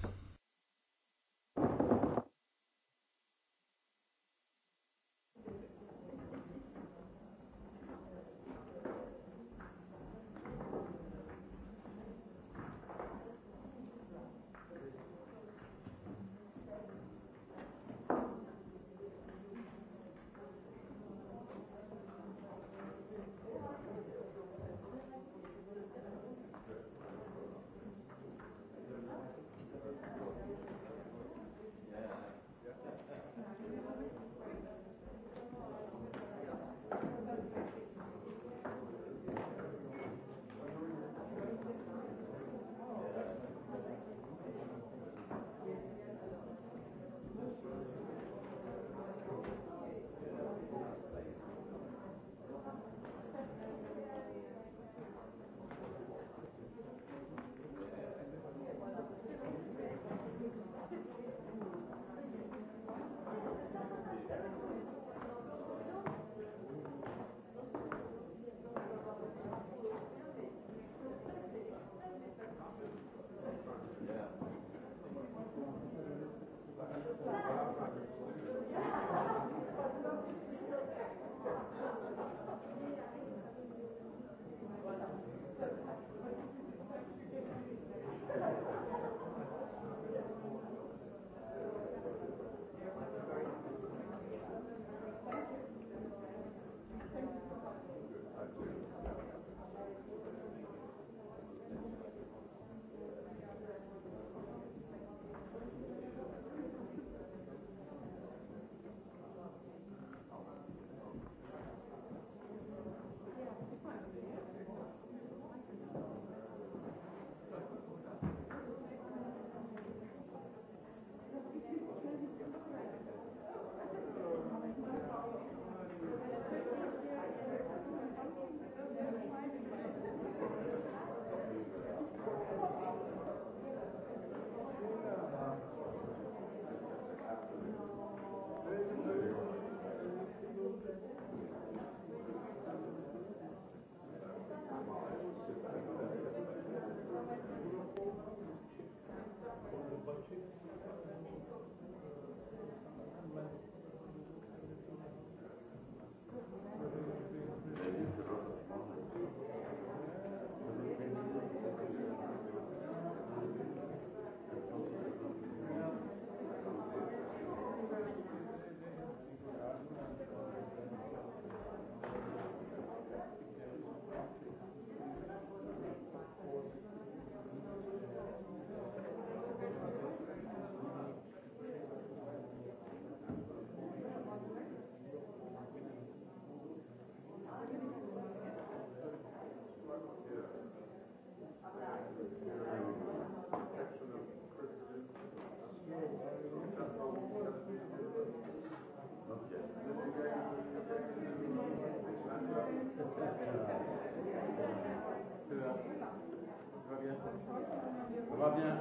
On va bien.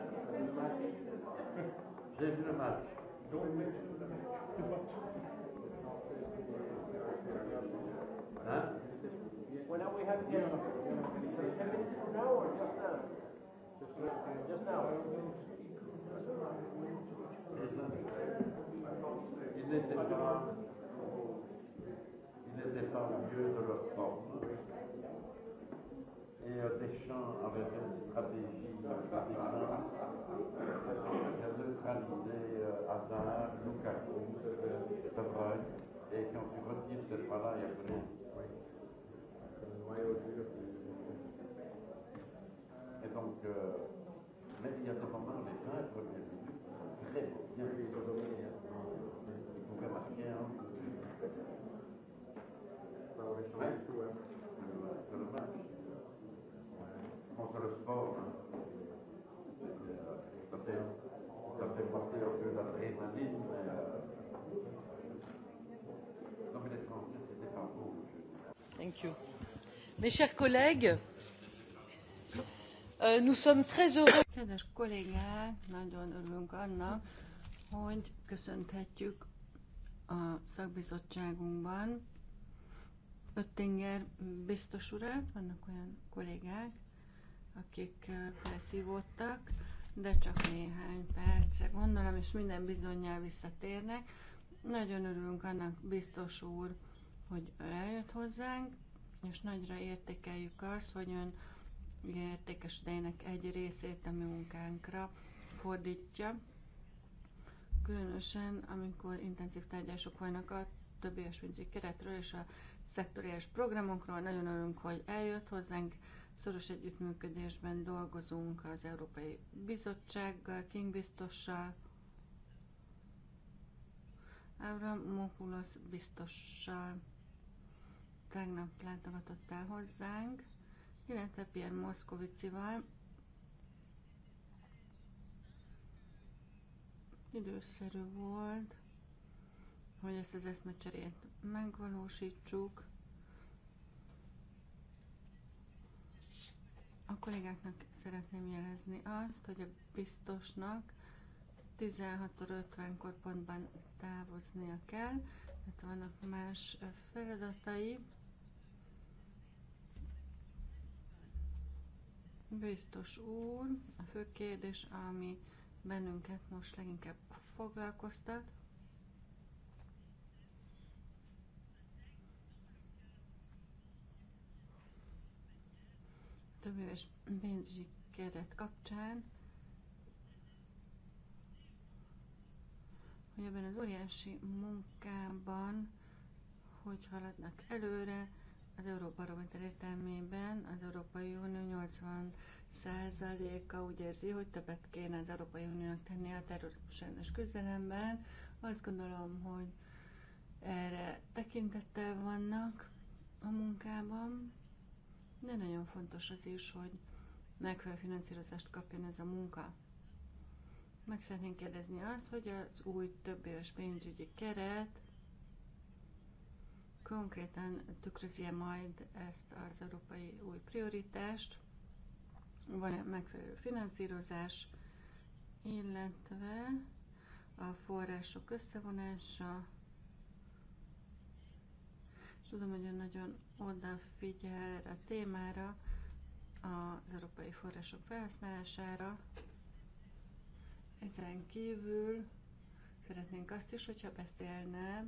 J'ai vu le match. hein? Il n'était pas, il n'était pas au mieux de leur forme et euh, Deschamps avait une stratégie partisan de neutraliser euh, Hazard, Lukaku, De Bruyne. Et quand tu retires cette voie-là, il n'y a plus rien. Oui. Et donc, euh, mais il y a des moments, les 20 premières minutes, très bien. Ils pouvaient marquer. Hein. Ouais. Thank you. Mes chers collègues, euh, nous sommes très heureux. Kedves kollégák, nagyon örülünk annak, hogy köszönhetjük a szakbizottságunkban Öttinger biztos urat, vannak olyan kollégák, akik felszívódtak, de csak néhány percre gondolom, és minden bizonyjal visszatérnek. Nagyon örülünk annak, biztos úr, hogy eljött hozzánk, és nagyra értékeljük azt, hogy ön értékes idejének egy részét a mi munkánkra fordítja. Különösen, amikor intenzív tárgyások vannak a többi pénzügyi keretről és a szektoriális programokról, nagyon örülünk, hogy eljött hozzánk, Szoros együttműködésben dolgozunk az Európai Bizottsággal, King biztossal, Ábram biztossal. Tegnap látogatott el hozzánk, illetve Pierre Moszkovicival, időszerű volt, hogy ezt az eszmecserét megvalósítsuk. A kollégáknak szeretném jelezni azt, hogy a biztosnak 16.50-kor pontban távoznia kell, mert vannak más feladatai. Biztos úr, a fő kérdés, ami bennünket most leginkább foglalkoztat, többéves pénzügyi keret kapcsán, hogy ebben az óriási munkában hogy haladnak előre, az Euróbarométer értelmében az Európai Unió 80 százaléka úgy érzi, hogy többet kéne az Európai Uniónak tenni a terrorizmus ellenes küzdelemben. Azt gondolom, hogy erre tekintettel vannak a munkában de nagyon fontos az is, hogy megfelelő finanszírozást kapjon ez a munka. Meg szeretnénk kérdezni azt, hogy az új több éves pénzügyi keret konkrétan tükrözi majd ezt az európai új prioritást, van-e megfelelő finanszírozás, illetve a források összevonása, Tudom, hogy ön nagyon odafigyel erre a témára, az európai források felhasználására. Ezen kívül szeretnénk azt is, hogyha beszélne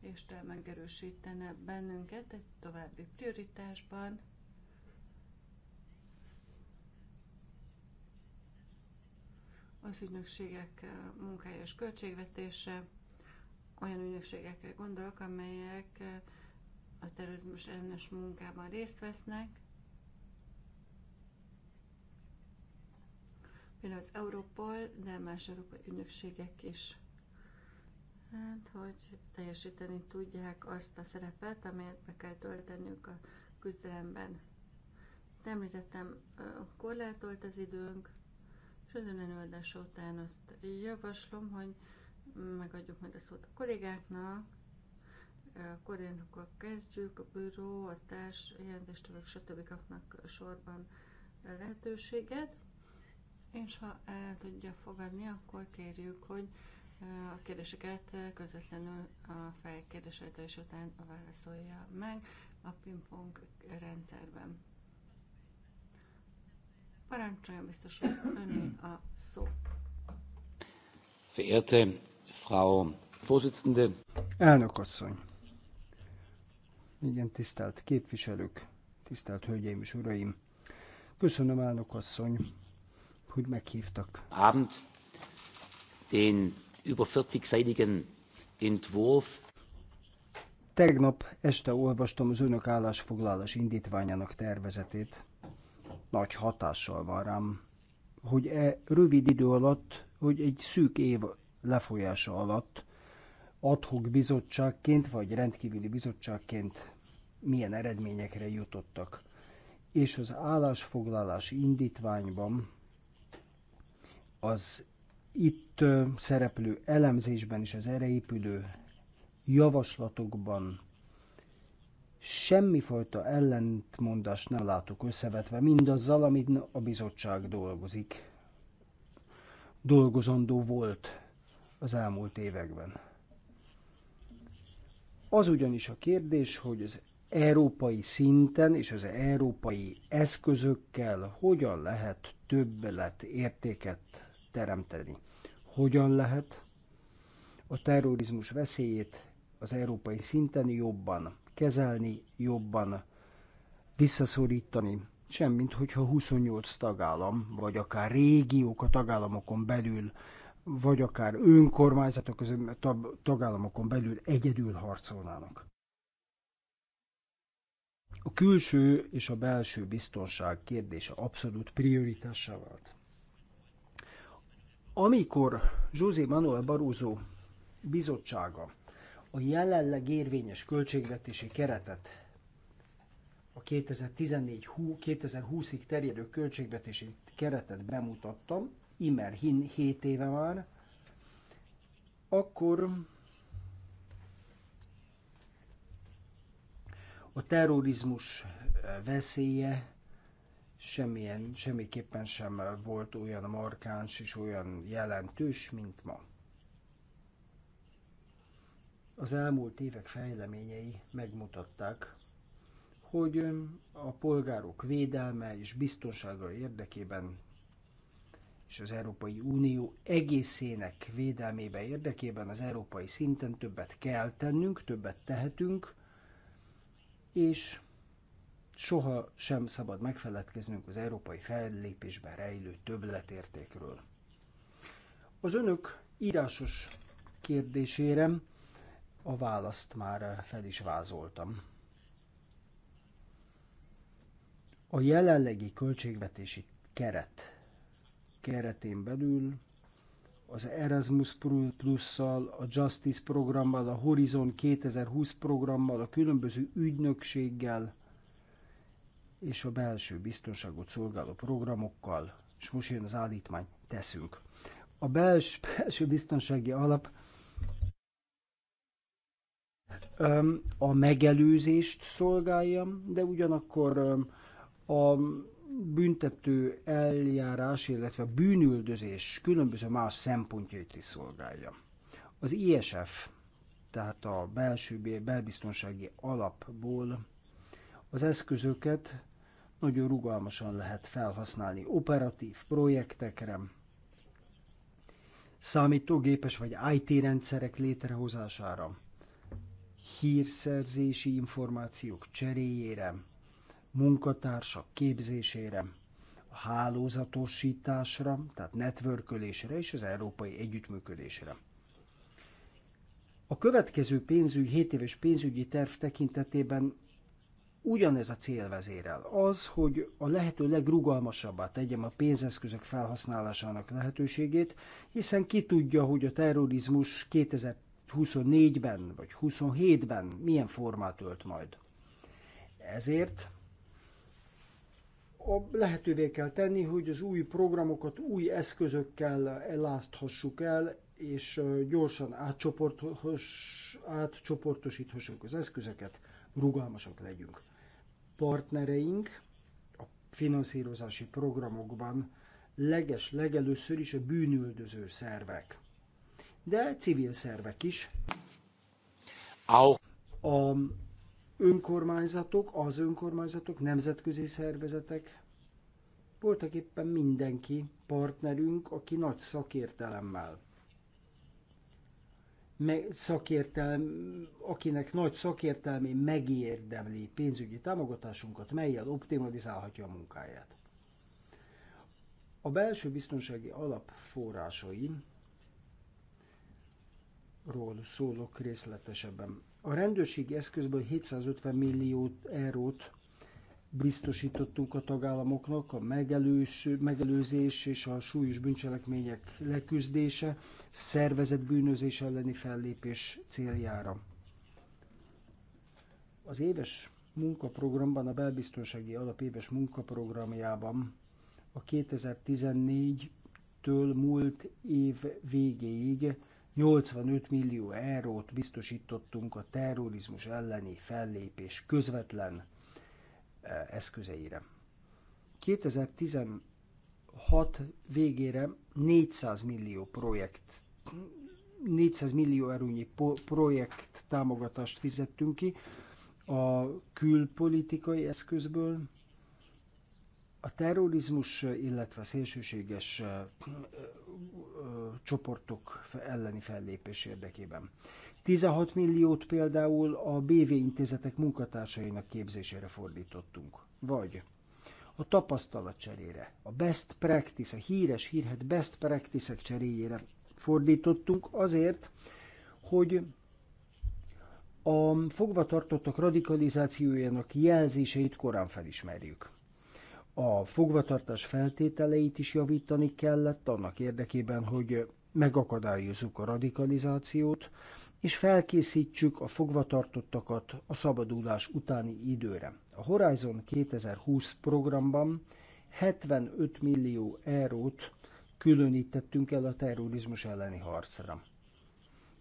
és te megerősítene bennünket egy további prioritásban, az ügynökségek munkája és költségvetése, olyan ügynökségekre gondolok, amelyek a terrorizmus ellenes munkában részt vesznek. Például az Európol, de más európai ügynökségek is. Hát, hogy teljesíteni tudják azt a szerepet, amelyet be kell tölteniük a küzdelemben. De említettem, korlátolt az időnk, és az előadás után azt javaslom, hogy megadjuk majd a szót a kollégáknak, akkor kezdjük, a bűró, a társ, jelentéstevők, stb. kapnak sorban lehetőséget, és ha el tudja fogadni, akkor kérjük, hogy a kérdéseket közvetlenül a felkérdésrejtés után válaszolja meg a pingpong rendszerben. Parancsoljon biztos, hogy a szó. Verehrte Frau Vorsitzende. Elnök asszony. Igen, tisztelt képviselők, tisztelt hölgyeim és uraim. Köszönöm, elnök asszony, hogy meghívtak. Abend den über 40-seitigen Entwurf. Tegnap este olvastam az önök állásfoglalás indítványának tervezetét. Nagy hatással van rám, hogy e rövid idő alatt, hogy egy szűk év lefolyása alatt adhok bizottságként, vagy rendkívüli bizottságként milyen eredményekre jutottak. És az állásfoglalás indítványban az itt szereplő elemzésben és az erre épülő javaslatokban semmifajta ellentmondást nem látok összevetve mindazzal, amit a bizottság dolgozik, dolgozandó volt az elmúlt években. Az ugyanis a kérdés, hogy az európai szinten és az európai eszközökkel hogyan lehet többlet értéket teremteni. Hogyan lehet a terrorizmus veszélyét az európai szinten jobban kezelni, jobban visszaszorítani, semmint hogyha 28 tagállam, vagy akár régiók a tagállamokon belül vagy akár önkormányzatok között, tagállamokon belül egyedül harcolnának. A külső és a belső biztonság kérdése abszolút prioritássá vált. Amikor José Manuel Barroso bizottsága a jelenleg érvényes költségvetési keretet a 2014-2020-ig terjedő költségvetési keretet bemutattam, immer 7 éve már, akkor a terrorizmus veszélye semmilyen, semmiképpen sem volt olyan markáns és olyan jelentős, mint ma. Az elmúlt évek fejleményei megmutatták, hogy a polgárok védelme és biztonsága érdekében és az Európai Unió egészének védelmébe érdekében az európai szinten többet kell tennünk, többet tehetünk, és soha sem szabad megfeledkeznünk az európai fellépésben rejlő többletértékről. Az önök írásos kérdésére a választ már fel is vázoltam. A jelenlegi költségvetési keret keretén belül, az Erasmus Plus-szal, a Justice programmal, a Horizon 2020 programmal, a különböző ügynökséggel és a belső biztonságot szolgáló programokkal, és most jön az állítmány, teszünk. A bels, belső biztonsági alap a megelőzést szolgálja, de ugyanakkor a büntető eljárás, illetve bűnüldözés különböző más szempontjait is szolgálja. Az ISF, tehát a belső belbiztonsági alapból az eszközöket nagyon rugalmasan lehet felhasználni operatív projektekre, számítógépes vagy IT rendszerek létrehozására, hírszerzési információk cseréjére, munkatársak képzésére, a hálózatosításra, tehát networkölésre és az európai együttműködésre. A következő pénzügy, 7 éves pénzügyi terv tekintetében ugyanez a célvezérel, Az, hogy a lehető legrugalmasabbá tegyem a pénzeszközök felhasználásának lehetőségét, hiszen ki tudja, hogy a terrorizmus 2024-ben vagy 27-ben milyen formát ölt majd. Ezért lehetővé kell tenni, hogy az új programokat új eszközökkel elázthassuk el, és gyorsan átcsoportosíthassuk az eszközeket. rugalmasak legyünk. Partnereink a finanszírozási programokban leges legelőször is a bűnüldöző szervek, de civil szervek is. A önkormányzatok, az önkormányzatok, nemzetközi szervezetek, voltak éppen mindenki partnerünk, aki nagy szakértelemmel me- szakértelm, akinek nagy szakértelmi megérdemli pénzügyi támogatásunkat, melyel optimalizálhatja a munkáját. A belső biztonsági alap forrásai ról szólok részletesebben. A rendőrségi eszközből 750 millió eurót biztosítottunk a tagállamoknak a megelős, megelőzés és a súlyos bűncselekmények leküzdése, szervezett bűnözés elleni fellépés céljára. Az éves munkaprogramban, a belbiztonsági alap éves munkaprogramjában a 2014-től múlt év végéig 85 millió eurót biztosítottunk a terrorizmus elleni fellépés közvetlen eh, eszközeire. 2016 végére 400 millió projekt 400 millió erőnyi projekt támogatást fizettünk ki a külpolitikai eszközből, a terrorizmus, illetve a szélsőséges csoportok elleni fellépés érdekében. 16 milliót például a BV intézetek munkatársainak képzésére fordítottunk, vagy a tapasztalat cserére, a best practice, a híres hírhet best practice cseréjére fordítottunk azért, hogy a fogvatartottak radikalizációjának jelzéseit korán felismerjük a fogvatartás feltételeit is javítani kellett annak érdekében, hogy megakadályozzuk a radikalizációt, és felkészítsük a fogvatartottakat a szabadulás utáni időre. A Horizon 2020 programban 75 millió eurót különítettünk el a terrorizmus elleni harcra.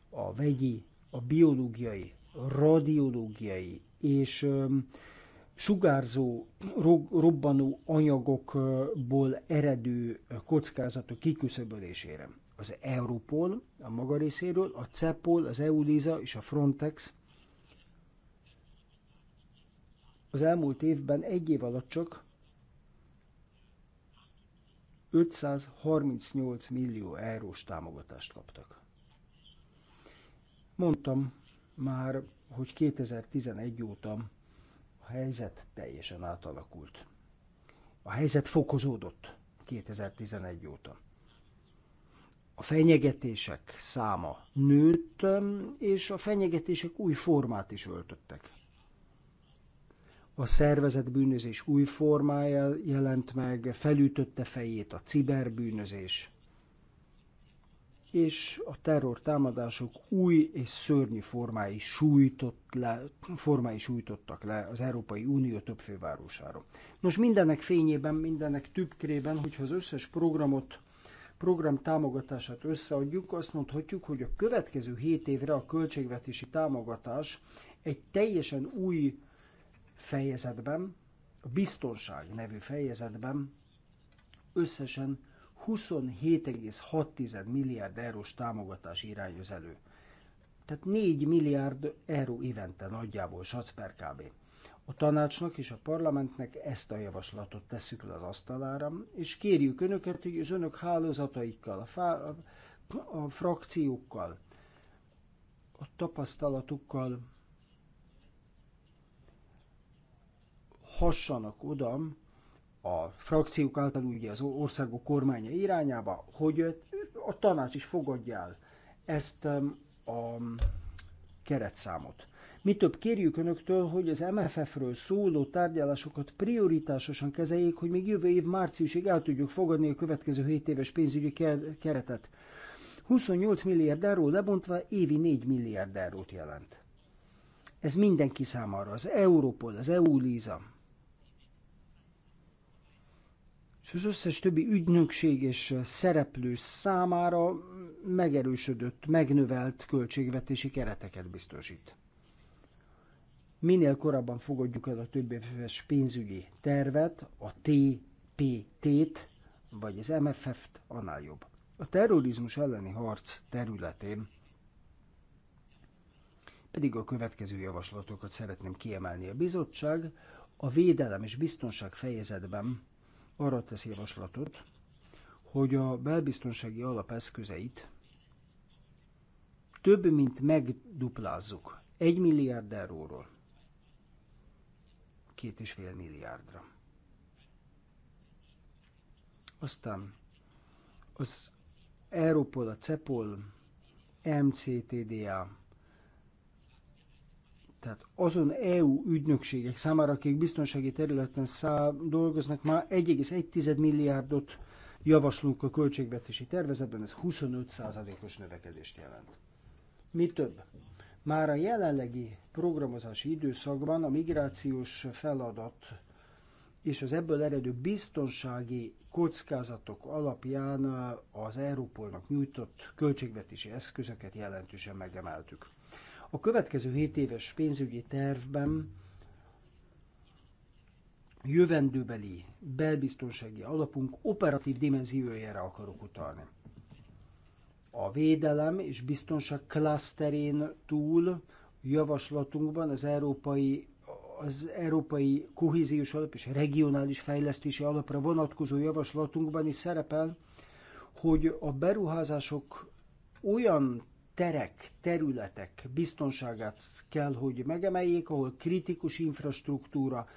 A vegyi, a biológiai, radiológiai és sugárzó, robbanó anyagokból eredő kockázatok kiküszöbölésére. Az Europol a maga részéről, a CEPOL, az EULISA és a Frontex az elmúlt évben egy év alatt csak 538 millió eurós támogatást kaptak. Mondtam már, hogy 2011 óta a helyzet teljesen átalakult. A helyzet fokozódott 2011 óta. A fenyegetések száma nőtt, és a fenyegetések új formát is öltöttek. A szervezet bűnözés új formája jelent meg, felütötte fejét a ciberbűnözés – és a terror támadások új és szörnyű formái, sújtott le, formái sújtottak le az Európai Unió több fővárosára. Nos, mindennek fényében, mindennek tükrében, hogyha az összes programot, program támogatását összeadjuk, azt mondhatjuk, hogy a következő 7 évre a költségvetési támogatás egy teljesen új fejezetben, a biztonság nevű fejezetben összesen 27,6 milliárd eurós támogatás irányoz elő. Tehát 4 milliárd euró évente nagyjából sac per kb. A tanácsnak és a parlamentnek ezt a javaslatot tesszük le az asztalára, és kérjük önöket, hogy az önök hálózataikkal, a, fá, a frakciókkal, a tapasztalatukkal hassanak oda, a frakciók által ugye az országok kormánya irányába, hogy a tanács is fogadja el ezt a keretszámot. Mi több kérjük önöktől, hogy az MFF-ről szóló tárgyalásokat prioritásosan kezeljék, hogy még jövő év márciusig el tudjuk fogadni a következő 7 éves pénzügyi keretet. 28 milliárd euró lebontva évi 4 milliárd eurót jelent. Ez mindenki számára, az Európol, az EU-Líza, és az összes többi ügynökség és szereplő számára megerősödött, megnövelt költségvetési kereteket biztosít. Minél korábban fogadjuk el a több éves pénzügyi tervet, a TPT-t, vagy az MFF-t, annál jobb. A terrorizmus elleni harc területén pedig a következő javaslatokat szeretném kiemelni. A bizottság a védelem és biztonság fejezetben arra tesz javaslatot, hogy a belbiztonsági alapeszközeit több mint megduplázzuk. 1 milliárd euróról. 2,5 milliárdra. Aztán az Europol, a CEPOL, MCTDA, tehát azon EU ügynökségek számára, akik biztonsági területen dolgoznak, már 1,1 milliárdot javaslunk a költségvetési tervezetben, ez 25%-os növekedést jelent. Mi több? Már a jelenlegi programozási időszakban a migrációs feladat és az ebből eredő biztonsági kockázatok alapján az Európolnak nyújtott költségvetési eszközöket jelentősen megemeltük. A következő 7 éves pénzügyi tervben jövendőbeli belbiztonsági alapunk operatív dimenziójára akarok utalni. A védelem és biztonság klaszterén túl javaslatunkban az európai az Európai Kohéziós Alap és Regionális Fejlesztési Alapra vonatkozó javaslatunkban is szerepel, hogy a beruházások olyan terek, területek biztonságát kell, hogy megemeljék, ahol kritikus infrastruktúra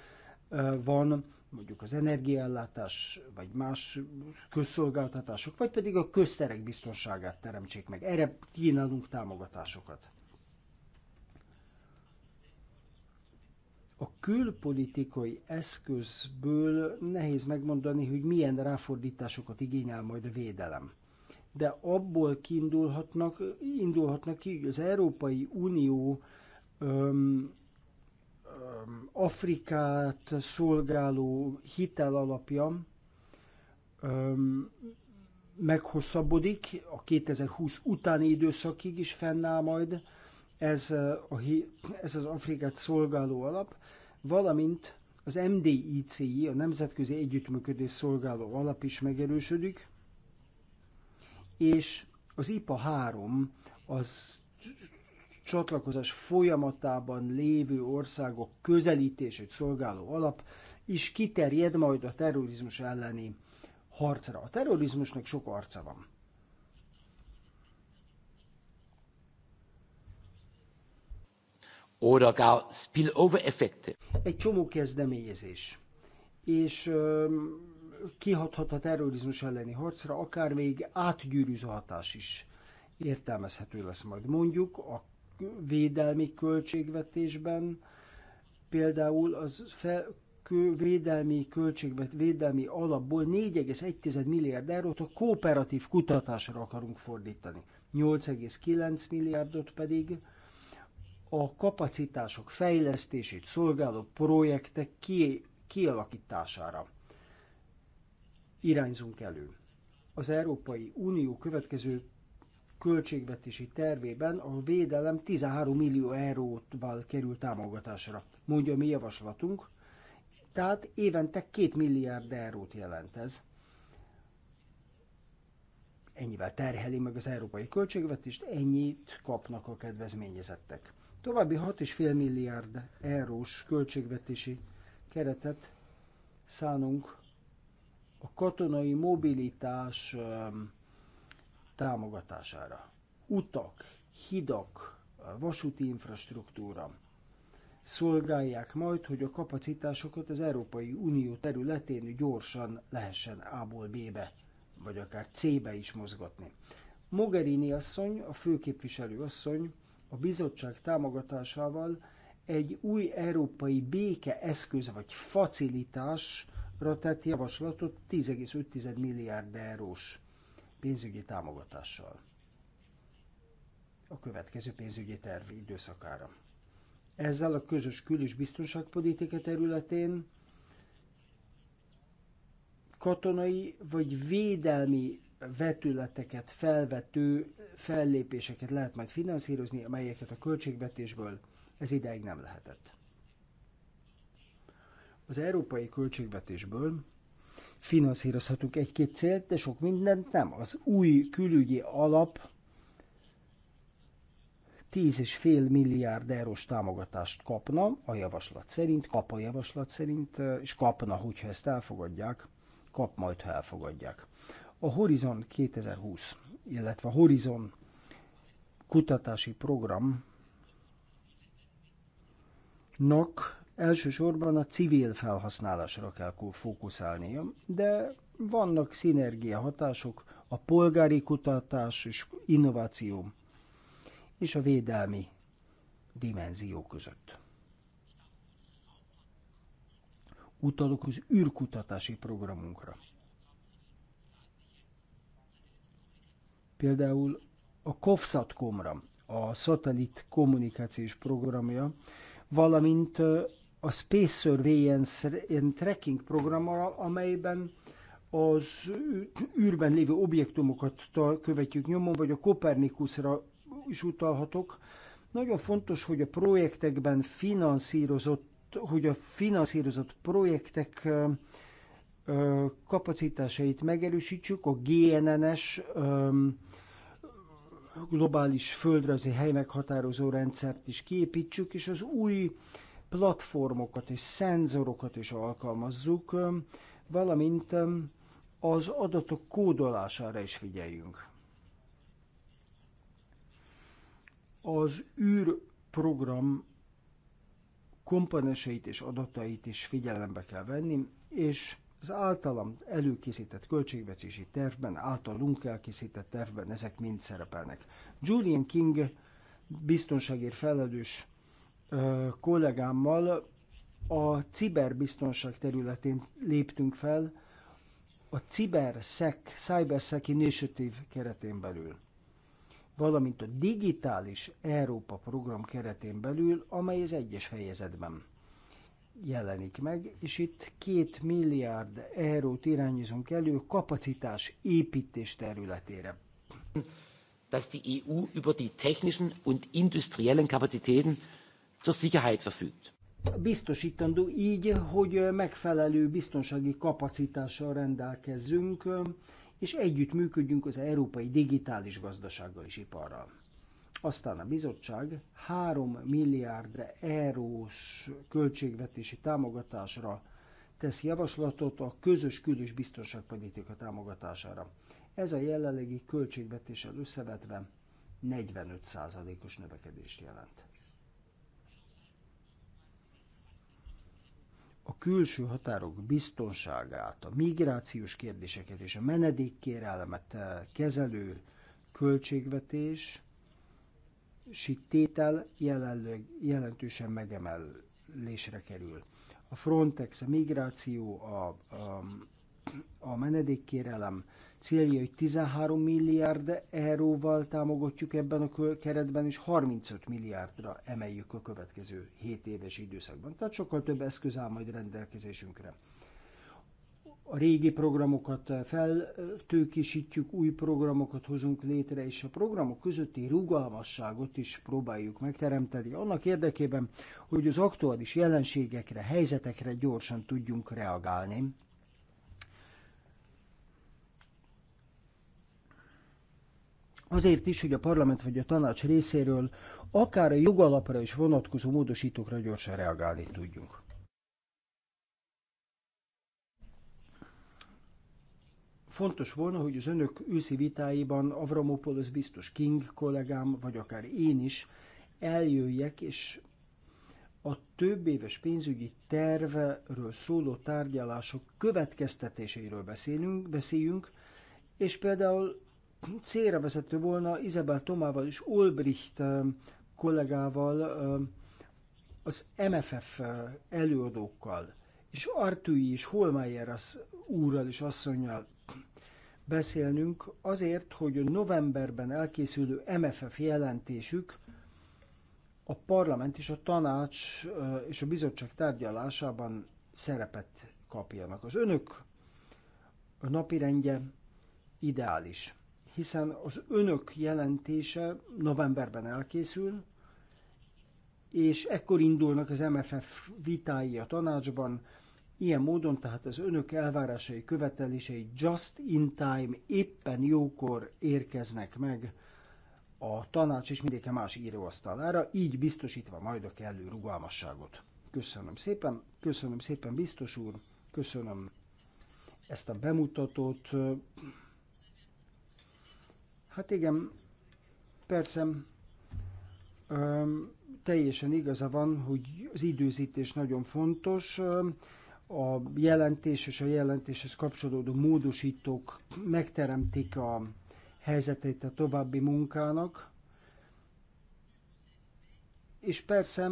van, mondjuk az energiaellátás, vagy más közszolgáltatások, vagy pedig a közterek biztonságát teremtsék meg. Erre kínálunk támogatásokat. A külpolitikai eszközből nehéz megmondani, hogy milyen ráfordításokat igényel majd a védelem de abból kiindulhatnak, indulhatnak ki, hogy az Európai Unió öm, öm, Afrikát szolgáló hitel alapja öm, meghosszabbodik, a 2020 utáni időszakig is fennáll majd ez, a, ez az Afrikát szolgáló alap, valamint az MDICI, a Nemzetközi Együttműködés Szolgáló Alap is megerősödik, és az IPA 3 az csatlakozás folyamatában lévő országok közelítését szolgáló alap is kiterjed majd a terrorizmus elleni harcra. A terrorizmusnak sok arca van. effekte Egy csomó kezdeményezés. És kihathat a terrorizmus elleni harcra, akár még átgyűrűző hatás is értelmezhető lesz majd. Mondjuk a védelmi költségvetésben például az fel, védelmi költségvet, védelmi alapból 4,1 milliárd eurót a kooperatív kutatásra akarunk fordítani. 8,9 milliárdot pedig a kapacitások fejlesztését szolgáló projektek ki, kialakítására irányzunk elő. Az Európai Unió következő költségvetési tervében a védelem 13 millió euróval kerül támogatásra, mondja mi javaslatunk, tehát évente 2 milliárd eurót jelent ez. Ennyivel terheli meg az európai költségvetést, ennyit kapnak a kedvezményezettek. További 6,5 milliárd eurós költségvetési keretet szánunk a katonai mobilitás támogatására. Utak, hidak, vasúti infrastruktúra szolgálják majd, hogy a kapacitásokat az Európai Unió területén gyorsan lehessen A-ból B-be, vagy akár C-be is mozgatni. Mogherini asszony, a főképviselő asszony a bizottság támogatásával egy új európai béke eszköz vagy facilitás tett javaslatot 10,5 milliárd eurós pénzügyi támogatással a következő pénzügyi terv időszakára. Ezzel a közös kül- és biztonságpolitika területén katonai vagy védelmi vetületeket felvető fellépéseket lehet majd finanszírozni, amelyeket a költségvetésből ez ideig nem lehetett. Az európai költségvetésből finanszírozhatunk egy-két célt, de sok mindent nem. Az új külügyi alap 10,5 milliárd eurós támogatást kapna a javaslat szerint, kap a javaslat szerint, és kapna, hogyha ezt elfogadják, kap majd, ha elfogadják. A Horizon 2020, illetve a Horizon kutatási programnak elsősorban a civil felhasználásra kell fókuszálnia, de vannak szinergia hatások a polgári kutatás és innováció és a védelmi dimenzió között. Utalok az űrkutatási programunkra. Például a COFSAT-komra, a szatellit kommunikációs programja, valamint a Space Surveillance and Tracking programmal, amelyben az űrben lévő objektumokat követjük nyomon, vagy a Kopernikusra is utalhatok. Nagyon fontos, hogy a projektekben finanszírozott, hogy a finanszírozott projektek kapacitásait megerősítsük, a GNNS globális földrajzi helymeghatározó rendszert is kiépítsük, és az új platformokat és szenzorokat is alkalmazzuk, valamint az adatok kódolására is figyeljünk. Az űrprogram komponenseit és adatait is figyelembe kell venni, és az általam előkészített költségvetési tervben, általunk elkészített tervben ezek mind szerepelnek. Julian King biztonságért felelős kollégámmal a ciberbiztonság területén léptünk fel, a CiberSec, CyberSec Initiative keretén belül, valamint a Digitális Európa program keretén belül, amely az egyes fejezetben jelenik meg, és itt két milliárd eurót irányozunk elő kapacitás építés területére. Dass die EU über die technischen und industriellen Kapazitäten zur Sicherheit verfügt. Biztosítandó így, hogy megfelelő biztonsági kapacitással rendelkezzünk, és együtt működjünk az európai digitális gazdasággal és iparral. Aztán a bizottság 3 milliárd eurós költségvetési támogatásra tesz javaslatot a közös kül- és biztonságpolitika támogatására. Ez a jelenlegi költségvetéssel összevetve 45%-os növekedést jelent. a külső határok biztonságát, a migrációs kérdéseket és a menedékkérelmet eh, kezelő költségvetés tétel jelenleg jelentősen megemelésre kerül. A Frontex, a migráció, a, a, a menedékkérelem célja, hogy 13 milliárd euróval támogatjuk ebben a keretben, és 35 milliárdra emeljük a következő 7 éves időszakban. Tehát sokkal több eszköz áll majd rendelkezésünkre. A régi programokat feltőkésítjük, új programokat hozunk létre, és a programok közötti rugalmasságot is próbáljuk megteremteni, annak érdekében, hogy az aktuális jelenségekre, helyzetekre gyorsan tudjunk reagálni Azért is, hogy a parlament vagy a tanács részéről akár a jogalapra is vonatkozó módosítókra gyorsan reagálni tudjunk. Fontos volna, hogy az önök őszi vitáiban Avramopoulos biztos King kollégám, vagy akár én is eljöjjek, és a több éves pénzügyi tervről szóló tárgyalások következtetéseiről beszélünk, beszéljünk, és például célra vezető volna Izabel Tomával és Olbricht kollégával az MFF előadókkal, és Artui és Holmeyer az úrral és asszonynal beszélnünk azért, hogy a novemberben elkészülő MFF jelentésük a parlament és a tanács és a bizottság tárgyalásában szerepet kapjanak. Az önök a napirendje ideális hiszen az önök jelentése novemberben elkészül, és ekkor indulnak az MFF vitái a tanácsban, ilyen módon tehát az önök elvárásai, követelései just in time, éppen jókor érkeznek meg a tanács és mindéke más íróasztalára, így biztosítva majd a kellő rugalmasságot. Köszönöm szépen, köszönöm szépen biztos úr, köszönöm ezt a bemutatót. Hát igen, persze öm, teljesen igaza van, hogy az időzítés nagyon fontos. Öm, a jelentés és a jelentéshez kapcsolódó módosítók megteremtik a helyzetét a további munkának. És persze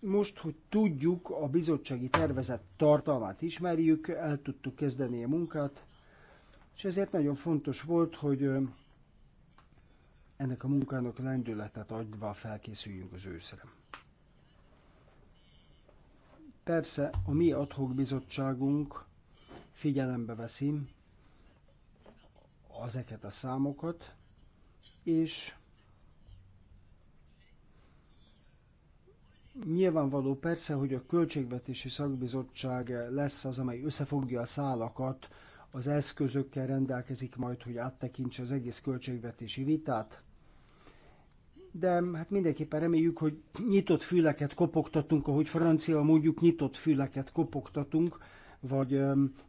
most, hogy tudjuk a bizottsági tervezet tartalmát ismerjük, el tudtuk kezdeni a munkát, és ezért nagyon fontos volt, hogy ennek a munkának lendületet adva felkészüljünk az őszre. Persze a mi adhok bizottságunk figyelembe veszi ezeket a számokat, és Nyilvánvaló persze, hogy a Költségvetési Szakbizottság lesz az, amely összefogja a szálakat, az eszközökkel rendelkezik majd, hogy áttekintse az egész költségvetési vitát, de hát mindenképpen reméljük, hogy nyitott füleket kopogtatunk, ahogy francia mondjuk nyitott füleket kopogtatunk, vagy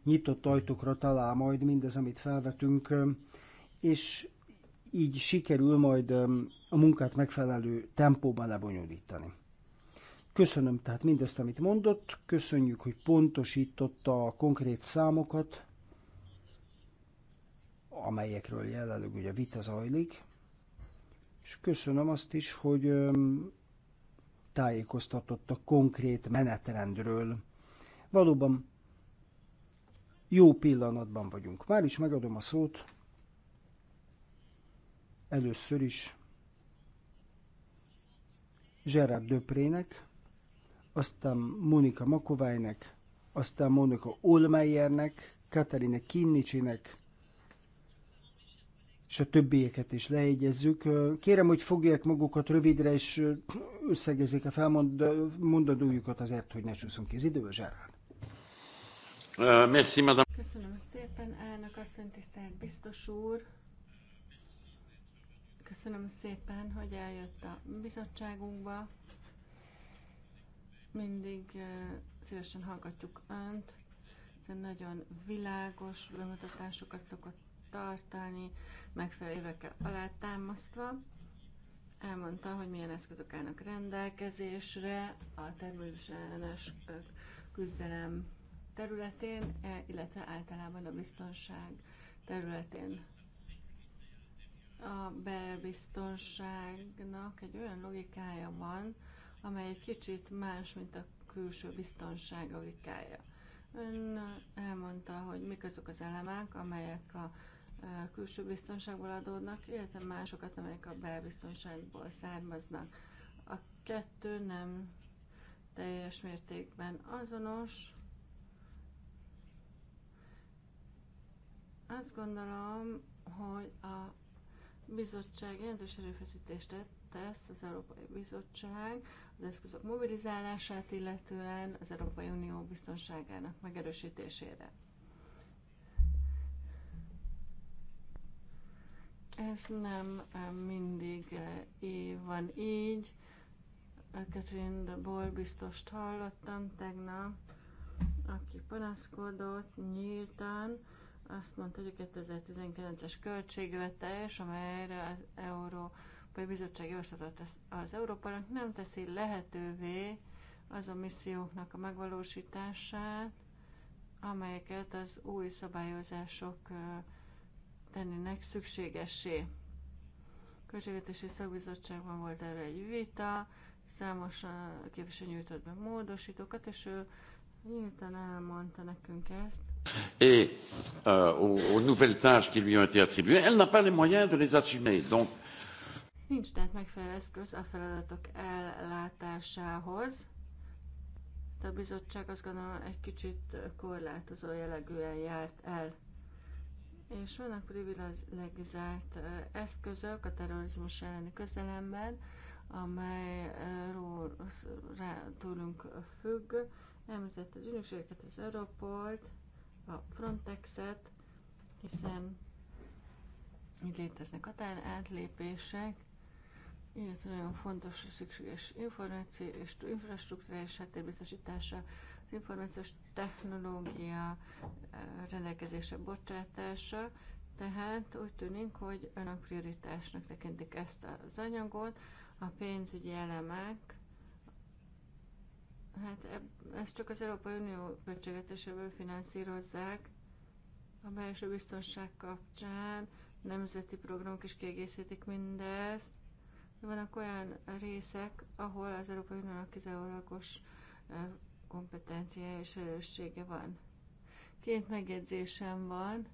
nyitott ajtókra talál majd mindez, amit felvetünk, és így sikerül majd a munkát megfelelő tempóban lebonyolítani. Köszönöm tehát mindezt, amit mondott, köszönjük, hogy pontosította a konkrét számokat, amelyekről jelenleg ugye vita zajlik, és köszönöm azt is, hogy tájékoztatott a konkrét menetrendről. Valóban jó pillanatban vagyunk. Már is megadom a szót. Először is Gerard Döprének, aztán Monika Makovájnek, aztán Monika Olmeyernek, Katarina Kinnicsinek, és a többieket is leegyezzük. Kérem, hogy fogják magukat rövidre, és összegezzék a felmondadójukat azért, hogy ne csúszunk ki az idő, Zsárán. Merci, madame. Köszönöm szépen, elnök asszony, tisztelt biztos úr. Köszönöm szépen, hogy eljött a bizottságunkba. Mindig szívesen hallgatjuk Önt, hiszen nagyon világos bemutatásokat szokott tartani, megfelelő évekkel alátámasztva. Elmondta, hogy milyen eszközök állnak rendelkezésre a természetes küzdelem területén, e, illetve általában a biztonság területén. A belbiztonságnak egy olyan logikája van, amely egy kicsit más, mint a külső biztonság logikája. Ön elmondta, hogy mik azok az elemek, amelyek a külső biztonságból adódnak, illetve másokat, amelyek a belbiztonságból származnak. A kettő nem teljes mértékben azonos. Azt gondolom, hogy a bizottság jelentős erőfeszítést tesz az Európai Bizottság az eszközök mobilizálását, illetően az Európai Unió biztonságának megerősítésére. Ez nem mindig van így. Catherine de Boll biztost hallottam tegnap, aki panaszkodott nyíltan, azt mondta, hogy a 2019-es költségvetés, amelyre az Európai Bizottság javaslatot az Európának nem teszi lehetővé a misszióknak a megvalósítását, amelyeket az új szabályozások tennének szükségesé. Költségvetési Szakbizottságban volt erre egy vita, számos képviselő nyújtott be módosítókat, és ő nyíltan elmondta nekünk ezt. Et euh, aux, aux nouvelles tâches qui lui ont été attribuées, elle n'a pas les moyens de les assumer. Donc, Nincs tehát megfelelő eszköz a feladatok ellátásához. A bizottság azt gondolom egy kicsit korlátozó jellegűen járt el és vannak privilegizált eszközök a terrorizmus elleni közelemben, amelyről rá tőlünk függ. Említett az ügynökségeket, az Europolt, a Frontexet, hiszen itt léteznek határ átlépések, illetve nagyon fontos szükséges információ és infrastruktúrális háttérbiztosítása az információs technológia eh, rendelkezésre bocsátása, tehát úgy tűnik, hogy önök prioritásnak tekintik ezt az anyagot, a pénzügyi elemek, hát ez csak az Európai Unió költségvetéséből finanszírozzák, a belső biztonság kapcsán nemzeti programok is kiegészítik mindezt. Vannak olyan részek, ahol az Európai Uniónak kizárólagos eh, kompetenciája és felelőssége van. Két megjegyzésem van.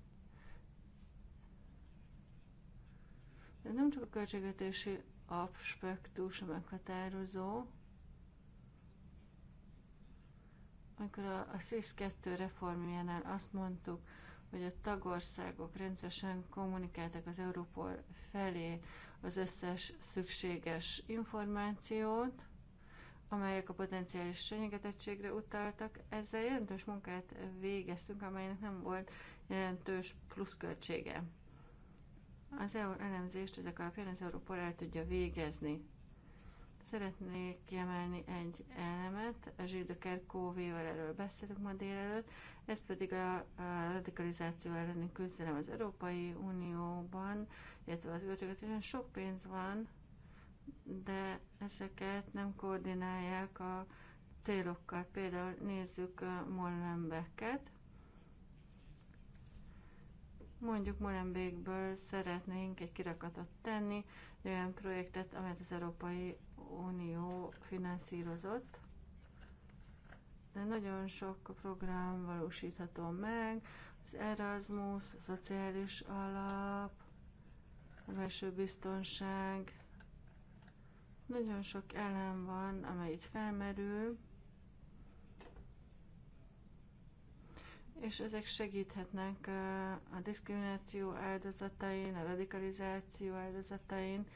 De nem csak a költségvetési aspektus a meghatározó, amikor a, a SZISZ 2 reformjánál azt mondtuk, hogy a tagországok rendszeresen kommunikáltak az Európol felé az összes szükséges információt, amelyek a potenciális fenyegetettségre utaltak. Ezzel jelentős munkát végeztünk, amelynek nem volt jelentős pluszköltsége. Az EU elemzést ezek alapján az Európa el tudja végezni. Szeretnék kiemelni egy elemet, a Zsidöker Kóvéval erről beszélünk ma délelőtt, ez pedig a, a radikalizáció elleni küzdelem az Európai Unióban, illetve az bölcsöket, sok pénz van, de ezeket nem koordinálják a célokkal. Például nézzük a Mollenbeket. Mondjuk Molenbeekből szeretnénk egy kirakatot tenni, egy olyan projektet, amelyet az Európai Unió finanszírozott. De nagyon sok program valósítható meg, az Erasmus, a szociális alap, a belső biztonság, nagyon sok elem van, amely itt felmerül, és ezek segíthetnek a diszkrimináció áldozatain, a radikalizáció áldozatain,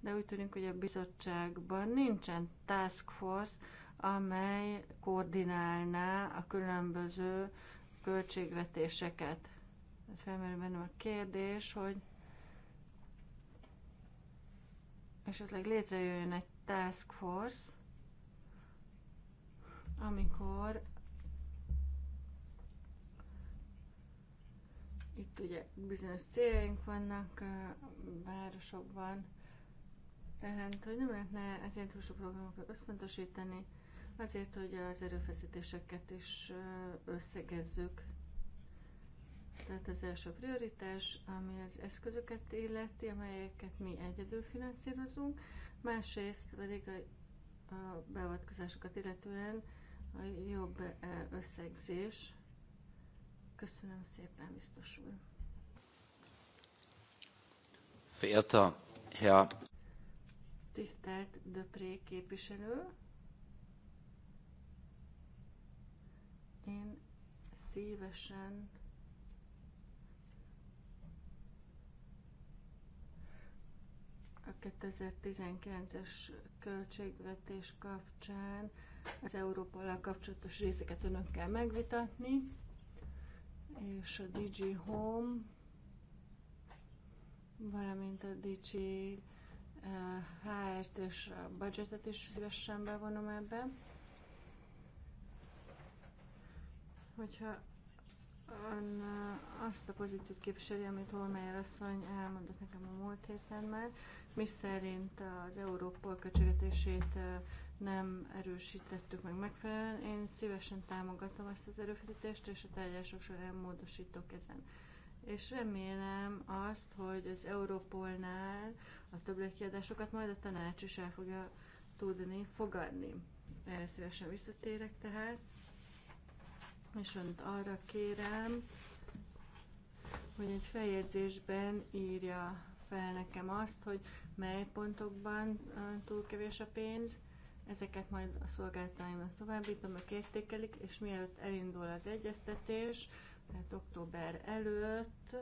de úgy tűnik, hogy a bizottságban nincsen task force, amely koordinálná a különböző költségvetéseket. Felmerül bennem a kérdés, hogy esetleg létrejöjjön egy task force, amikor itt ugye bizonyos céljaink vannak városokban, tehát, hogy nem lehetne az ilyen túlsó programokat összpontosítani, azért, hogy az erőfeszítéseket is összegezzük. Tehát az első prioritás, ami az eszközöket illeti, amelyeket mi egyedül finanszírozunk, másrészt pedig a, a beavatkozásokat illetően a jobb e, összegzés. Köszönöm szépen, biztos úr. Félta, ja. Tisztelt Döpré képviselő, én szívesen 2019-es költségvetés kapcsán az Európolal kapcsolatos részeket önökkel megvitatni, és a DG Home, valamint a DG eh, HR-t és a budgetet is szívesen bevonom ebbe. Hogyha ön eh, azt a pozíciót képviseli, amit Holmeyer asszony elmondott nekem a múlt héten már, mi szerint az Európol költségvetését nem erősítettük meg megfelelően. Én szívesen támogatom ezt az erőfeszítést, és a tárgyalások során módosítok ezen. És remélem azt, hogy az Európolnál a többletkiadásokat majd a tanács is el fogja tudni fogadni. Erre szívesen visszatérek tehát. És önt arra kérem, hogy egy feljegyzésben írja fel nekem azt, hogy mely pontokban túl kevés a pénz. Ezeket majd a szolgáltáimnak továbbítom, ők értékelik, és mielőtt elindul az egyeztetés, tehát október előtt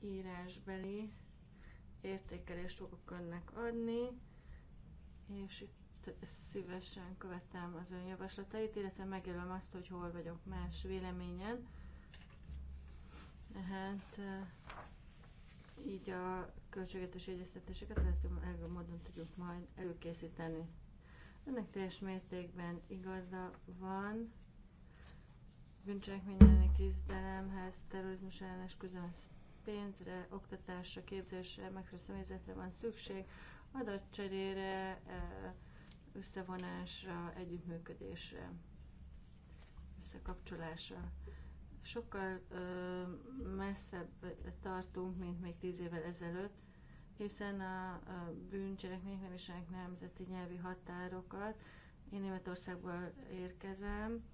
írásbeli értékelést fogok önnek adni, és itt szívesen követem az ön javaslatait, illetve megjelölöm azt, hogy hol vagyok más véleményen. Tehát így a költségetes egyeztetéseket lehető módon tudjuk majd előkészíteni. Önnek teljes mértékben igaza van. Bűncselekmény elleni küzdelemhez, terrorizmus ellenes küzdelemhez pénzre, oktatásra, képzésre, megfelelő személyzetre van szükség, adatcserére, e, összevonásra, együttműködésre, összekapcsolásra sokkal ö, messzebb tartunk, mint még tíz évvel ezelőtt, hiszen a, a bűncselekmények nem ismerik nemzeti nyelvi határokat. Én Németországból érkezem,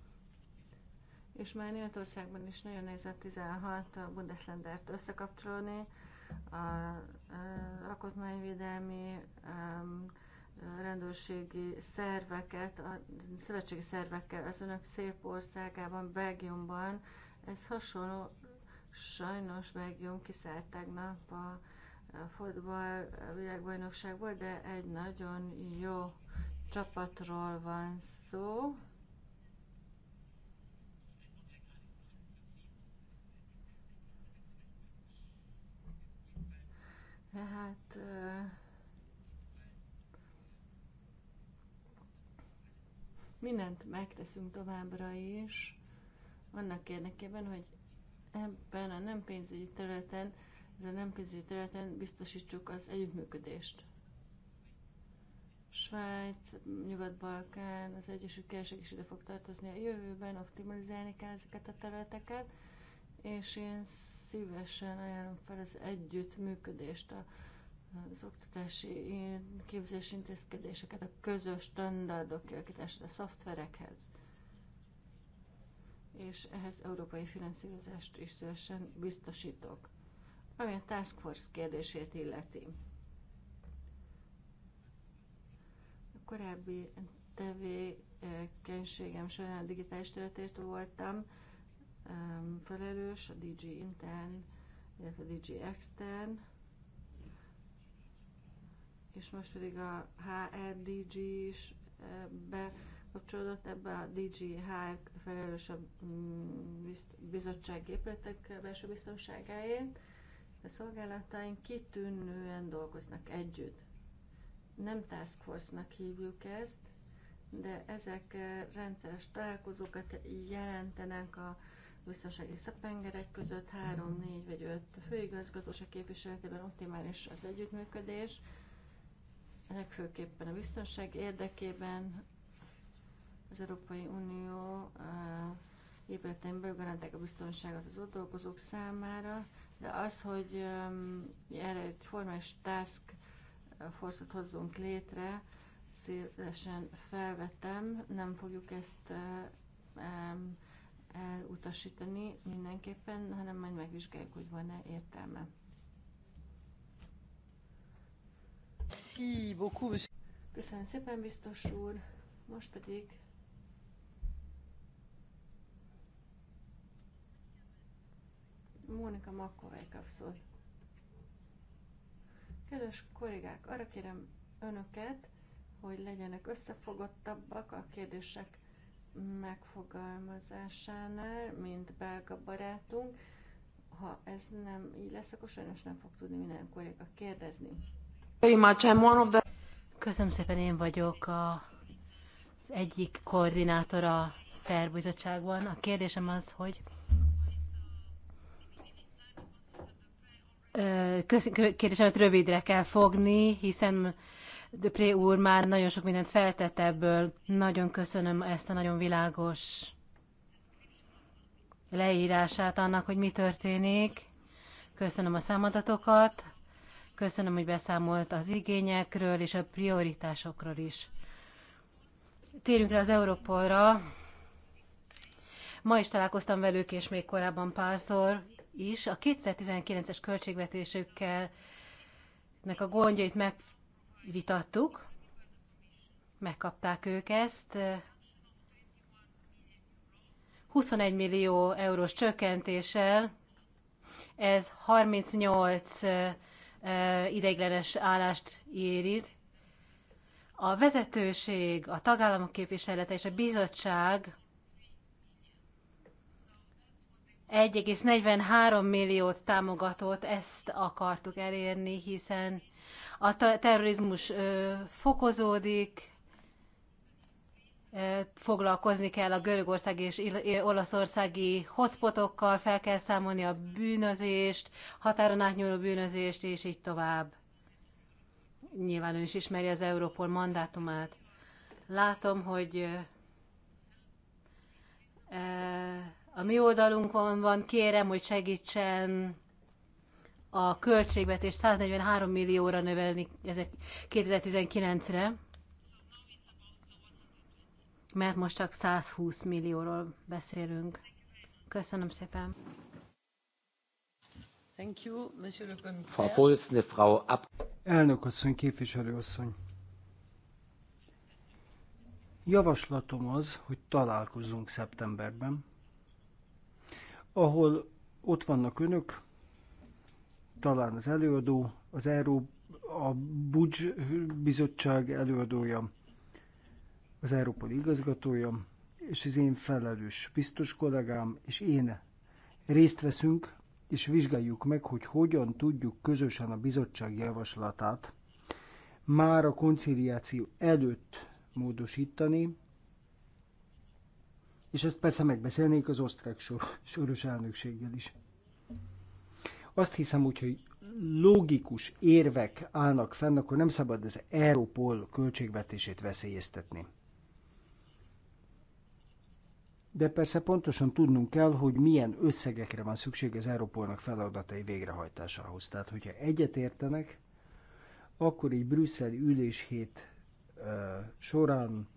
és már Németországban is nagyon nehéz a 16 a Bundeslandert összekapcsolni, a, a alkotmányvédelmi a rendőrségi szerveket, a szövetségi szervekkel az önök szép országában, Belgiumban, ez hasonló, sajnos Belgium kiszállt tegnap a fotball világbajnokságból, de egy nagyon jó csapatról van szó. Hát mindent megteszünk továbbra is annak érdekében, hogy ebben a nem pénzügyi területen, ez a nem pénzügyi területen biztosítsuk az együttműködést. Svájc, Nyugat-Balkán, az Egyesült Királyság is ide fog tartozni a jövőben, optimalizálni kell ezeket a területeket, és én szívesen ajánlom fel az együttműködést, a, az oktatási képzési intézkedéseket, a közös standardok kialakítását a szoftverekhez és ehhez európai finanszírozást is szívesen biztosítok. Ami a Task Force kérdését illeti. A korábbi tevékenységem során a digitális területért voltam felelős, a DG Intern, illetve a DG Extern, és most pedig a HRDG is eh, be kapcsolódott ebbe a DGH felelős a mm, bizottság épületek belső biztonságáért. A szolgálataink kitűnően dolgoznak együtt. Nem task force-nak hívjuk ezt, de ezek eh, rendszeres találkozókat jelentenek a biztonsági szapengerek között, három, négy vagy öt főigazgatóság képviseletében optimális az együttműködés, legfőképpen a biztonság érdekében, az Európai Unió épületein belül garantálják a biztonságot az ott dolgozók számára, de az, hogy erre egy formális task force hozzunk létre, szívesen felvetem, nem fogjuk ezt elutasítani mindenképpen, hanem majd megvizsgáljuk, hogy van-e értelme. Köszönöm szépen, biztos úr. Most pedig Mónika Makovej kapszul. Kedves kollégák, arra kérem önöket, hogy legyenek összefogottabbak a kérdések megfogalmazásánál, mint belga barátunk. Ha ez nem így lesz, akkor sajnos nem fog tudni minden kolléga kérdezni. Köszönöm szépen, én vagyok a, az egyik koordinátora terbizottságban. A kérdésem az, hogy kérdésemet rövidre kell fogni, hiszen Pré úr már nagyon sok mindent feltett ebből. Nagyon köszönöm ezt a nagyon világos leírását annak, hogy mi történik. Köszönöm a számadatokat, köszönöm, hogy beszámolt az igényekről és a prioritásokról is. Térjünk rá az Európolra. Ma is találkoztam velük, és még korábban párszor, is a 2019-es költségvetésükkel nek a gondjait megvitattuk, megkapták ők ezt. 21 millió eurós csökkentéssel, ez 38 ideiglenes állást érít. A vezetőség, a tagállamok képviselete és a bizottság 1,43 milliót támogatott, ezt akartuk elérni, hiszen a terrorizmus fokozódik, foglalkozni kell a görögországi és olaszországi hotspotokkal, fel kell számolni a bűnözést, határon átnyúló bűnözést, és így tovább. Nyilván ön is ismeri az Európol mandátumát. Látom, hogy a mi oldalunkon van, kérem, hogy segítsen a költségvetés 143 millióra növelni 2019-re, mert most csak 120 millióról beszélünk. Köszönöm szépen. Thank you, Monsieur le Frau Frau Ab Elnök asszony, képviselő asszony. Javaslatom az, hogy találkozunk szeptemberben, ahol ott vannak önök, talán az előadó, az Euró, a Budzs bizottság előadója, az Európai igazgatója, és az én felelős biztos kollégám, és én részt veszünk, és vizsgáljuk meg, hogy hogyan tudjuk közösen a bizottság javaslatát már a konciliáció előtt módosítani, és ezt persze megbeszélnék az osztrák sor soros elnökséggel is. Azt hiszem úgy, hogy logikus érvek állnak fenn, akkor nem szabad az Európol költségvetését veszélyeztetni. De persze pontosan tudnunk kell, hogy milyen összegekre van szükség az Európolnak feladatai végrehajtásához. Tehát, hogyha egyet értenek, akkor egy brüsszeli üléshét során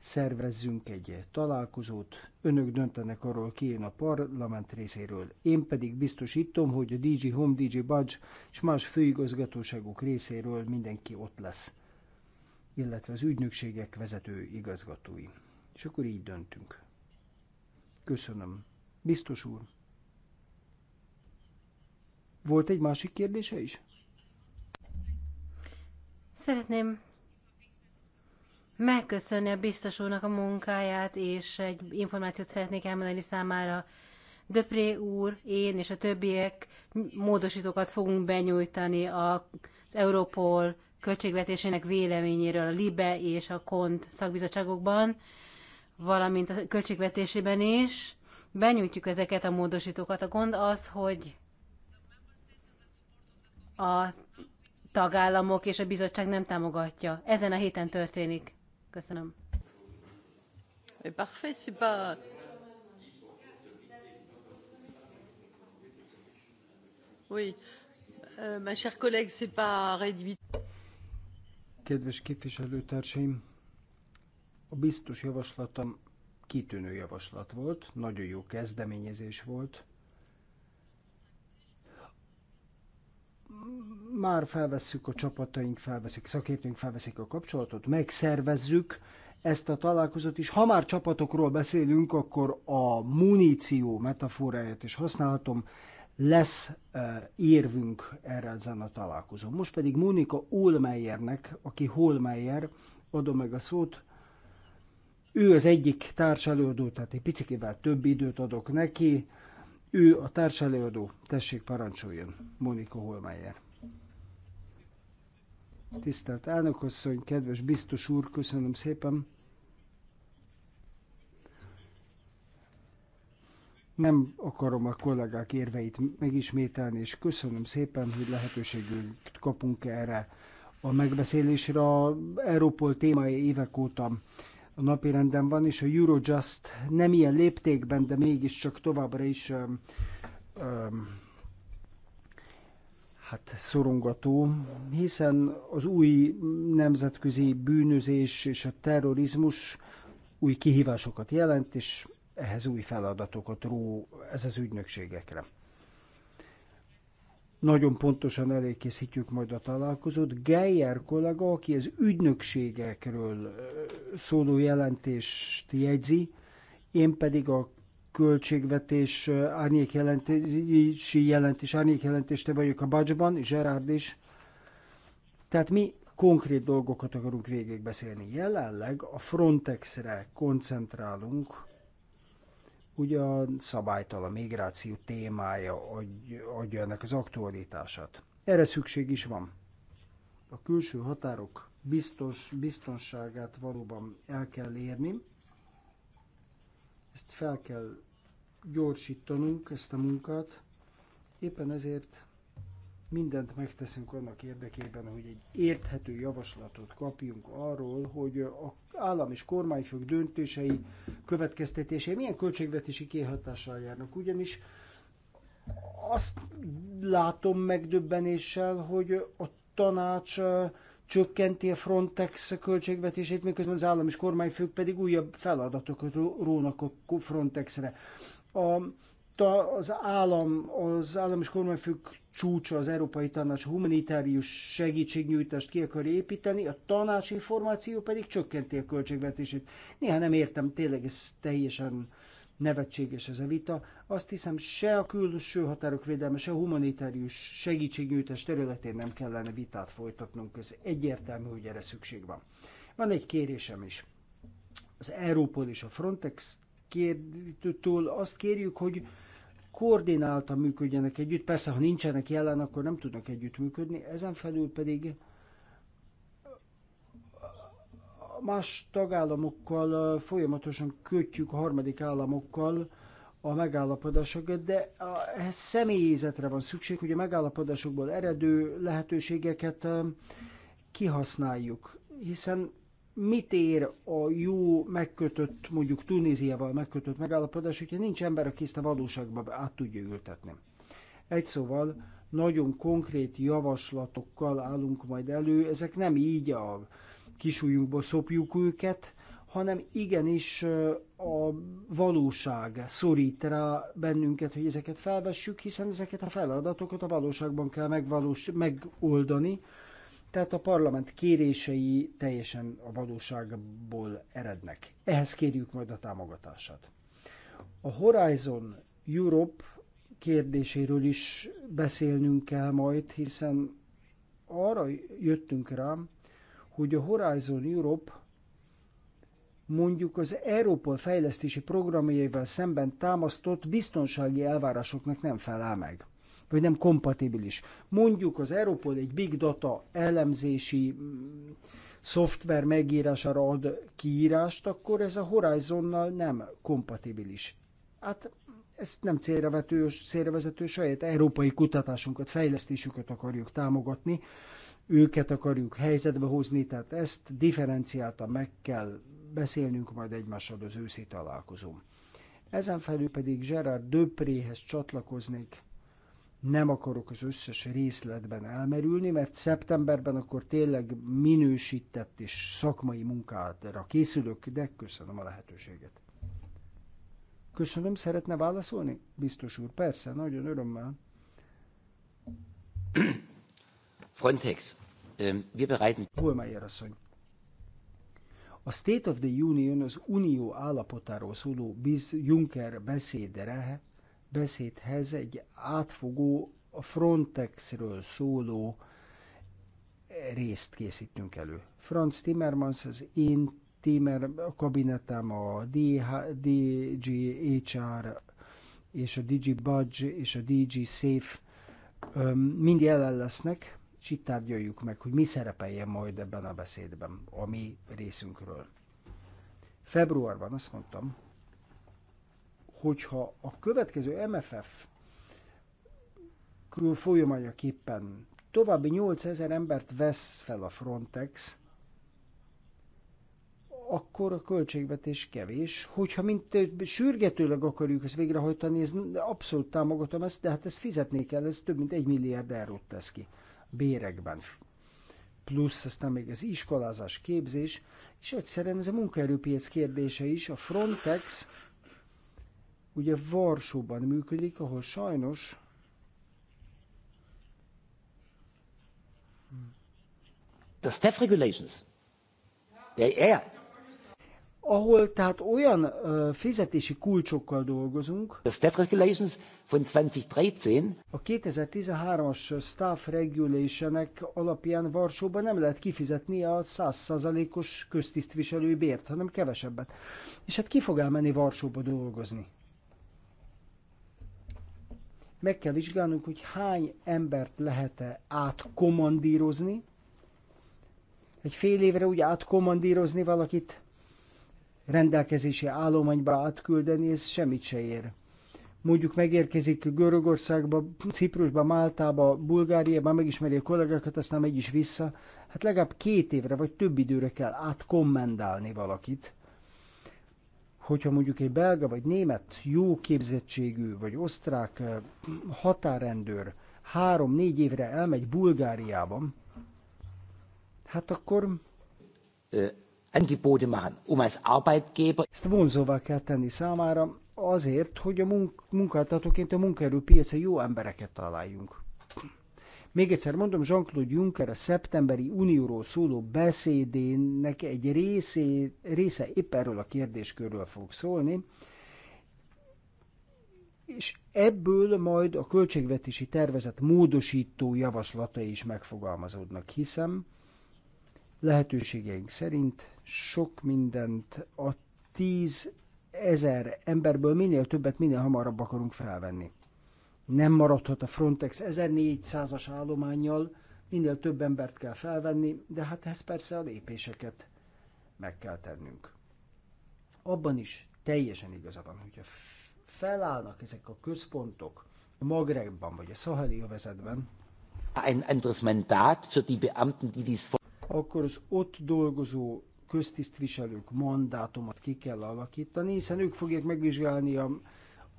szervezzünk egy találkozót, önök döntenek arról ki jön a parlament részéről. Én pedig biztosítom, hogy a DJ Home, DJ Budge és más főigazgatóságok részéről mindenki ott lesz, illetve az ügynökségek vezető igazgatói. És akkor így döntünk. Köszönöm. Biztos úr. Volt egy másik kérdése is? Szeretném megköszönni a biztos úrnak a munkáját, és egy információt szeretnék elmondani számára. Döpré úr, én és a többiek módosítókat fogunk benyújtani az Europol költségvetésének véleményéről a LIBE és a KONT szakbizottságokban, valamint a költségvetésében is. Benyújtjuk ezeket a módosítókat. A gond az, hogy a tagállamok és a bizottság nem támogatja. Ezen a héten történik. Köszönöm. Euh, ma chère collègue, c'est pas Kedves képviselőtársaim, a biztos javaslatom kitűnő javaslat volt, nagyon jó kezdeményezés volt, már felvesszük a csapataink, felveszik, szakértőink felveszik a kapcsolatot, megszervezzük ezt a találkozót is. Ha már csapatokról beszélünk, akkor a muníció metaforáját is használhatom, lesz eh, érvünk erre ezen a találkozón. Most pedig Mónika Olmeyernek, aki Holmeyer, adom meg a szót, ő az egyik társelőadó, tehát egy picikével több időt adok neki, ő a társelőadó. Tessék, parancsoljon. Monika Holmeyer. Tisztelt elnökasszony, kedves biztos úr, köszönöm szépen. Nem akarom a kollégák érveit megismételni, és köszönöm szépen, hogy lehetőségünk kapunk erre a megbeszélésre. A Európol témája évek óta a napirenden van, és a Eurojust nem ilyen léptékben, de mégiscsak továbbra is öm, öm, hát szorongató, hiszen az új nemzetközi bűnözés és a terrorizmus új kihívásokat jelent, és ehhez új feladatokat ró ez az ügynökségekre. Nagyon pontosan elékészítjük majd a találkozót. Geyer kollega, aki az ügynökségekről szóló jelentést jegyzi, én pedig a költségvetés árnyékjelentési jelentési jelentés, árnyékjelentést te vagyok a Bacsban, Gerard is. Tehát mi konkrét dolgokat akarunk végigbeszélni. Jelenleg a Frontexre koncentrálunk, ugyan a migráció témája adja ennek az aktualitását. Erre szükség is van. A külső határok biztos, biztonságát valóban el kell érni, ezt fel kell gyorsítanunk, ezt a munkát, éppen ezért mindent megteszünk annak érdekében, hogy egy érthető javaslatot kapjunk arról, hogy a állam és kormányfők döntései, következtetései milyen költségvetési kihatással járnak. Ugyanis azt látom megdöbbenéssel, hogy a tanács csökkenti a Frontex költségvetését, miközben az állam és kormányfők pedig újabb feladatokat rónak a Frontexre. A az állam, az állam és kormányfők csúcsa, az Európai Tanács humanitárius segítségnyújtást ki akar építeni, a tanácsi információ pedig csökkenti a költségvetését. Néha nem értem, tényleg ez teljesen nevetséges ez a vita. Azt hiszem, se a külső határok védelme, se a humanitárius segítségnyújtás területén nem kellene vitát folytatnunk. Ez egyértelmű, hogy erre szükség van. Van egy kérésem is. Az Európol és a Frontex kérdőtől azt kérjük, hogy koordináltan működjenek együtt. Persze, ha nincsenek jelen, akkor nem tudnak együtt működni. Ezen felül pedig más tagállamokkal folyamatosan kötjük a harmadik államokkal a megállapodásokat, de ehhez személyzetre van szükség, hogy a megállapodásokból eredő lehetőségeket kihasználjuk, hiszen mit ér a jó megkötött, mondjuk Tunéziával megkötött megállapodás, hogyha nincs ember, aki ezt a valóságba át tudja ültetni. Egy szóval, nagyon konkrét javaslatokkal állunk majd elő, ezek nem így a kisújunkba szopjuk őket, hanem igenis a valóság szorít rá bennünket, hogy ezeket felvessük, hiszen ezeket a feladatokat a valóságban kell megvalós, megoldani, tehát a parlament kérései teljesen a valóságból erednek. Ehhez kérjük majd a támogatását. A Horizon Europe kérdéséről is beszélnünk kell majd, hiszen arra jöttünk rá, hogy a Horizon Europe mondjuk az Európol fejlesztési programjaival szemben támasztott biztonsági elvárásoknak nem felel meg vagy nem kompatibilis. Mondjuk az Europol egy big data elemzési mm, szoftver megírására ad kiírást, akkor ez a Horizonnal nem kompatibilis. Hát ezt nem célrevető, célrevezető saját európai kutatásunkat, fejlesztésüket akarjuk támogatni, őket akarjuk helyzetbe hozni, tehát ezt differenciáltan meg kell beszélnünk majd egymással az őszi találkozón. Ezen felül pedig Gerard Döpréhez csatlakoznék, nem akarok az összes részletben elmerülni, mert szeptemberben akkor tényleg minősített és szakmai munkára készülök, de köszönöm a lehetőséget. Köszönöm, szeretne válaszolni? Biztos úr, persze, nagyon örömmel. Frontex. Ähm, wir bereiten... Holmeier asszony. A State of the Union az unió állapotáról szóló Biz Juncker beszédre beszédhez egy átfogó, a Frontexről szóló részt készítünk elő. Franz Timmermans, az én Timmer, kabinetem, a DGHR és a DG Budge és a DG Safe mind jelen lesznek, és itt tárgyaljuk meg, hogy mi szerepeljen majd ebben a beszédben a mi részünkről. Februárban azt mondtam, hogyha a következő MFF folyamányaképpen további 8000 embert vesz fel a Frontex, akkor a költségvetés kevés. Hogyha mint sürgetőleg akarjuk ezt végrehajtani, ez abszolút támogatom ezt, de hát ezt fizetni kell, ez több mint egy milliárd eurót tesz ki bérekben. Plusz aztán még az iskolázás, képzés, és egyszerűen ez a munkaerőpiac kérdése is. A Frontex ugye Varsóban működik, ahol sajnos The staff regulations. Yeah, yeah. Ahol tehát olyan uh, fizetési kulcsokkal dolgozunk. The staff regulations von 2013. A 2013-as staff regulationek alapján Varsóban nem lehet kifizetni a 100%-os köztisztviselői bért, hanem kevesebbet. És hát ki fog elmenni Varsóba dolgozni? meg kell vizsgálnunk, hogy hány embert lehet-e átkommandírozni, egy fél évre úgy átkommandírozni valakit, rendelkezési állományba átküldeni, ez semmit se ér. Mondjuk megérkezik Görögországba, Ciprusba, Máltába, Bulgáriába, megismeri a kollégákat, aztán megy is vissza. Hát legalább két évre vagy több időre kell átkommendálni valakit hogyha mondjuk egy belga vagy német jó képzettségű vagy osztrák határrendőr három-négy évre elmegy Bulgáriában, hát akkor Antibóde machen, um als Arbeitgeber. Ezt vonzóvá kell tenni számára azért, hogy a munkáltatóként a munkaerőpiacra jó embereket találjunk. Még egyszer mondom, Jean-Claude Juncker a szeptemberi unióról szóló beszédének egy részé, része épp erről a kérdéskörről fog szólni, és ebből majd a költségvetési tervezet módosító javaslatai is megfogalmazódnak, hiszem lehetőségeink szerint sok mindent a tíz ezer emberből minél többet, minél hamarabb akarunk felvenni. Nem maradhat a Frontex 1400-as állományjal, minél több embert kell felvenni, de hát ez persze a lépéseket meg kell tennünk. Abban is teljesen igaza van, hogyha felállnak ezek a központok a Magrebban vagy a Szaheli övezetben, ein anderes Mandat für die Beamten, die dies akkor az ott dolgozó köztisztviselők mandátumot ki kell alakítani, hiszen ők fogják megvizsgálni a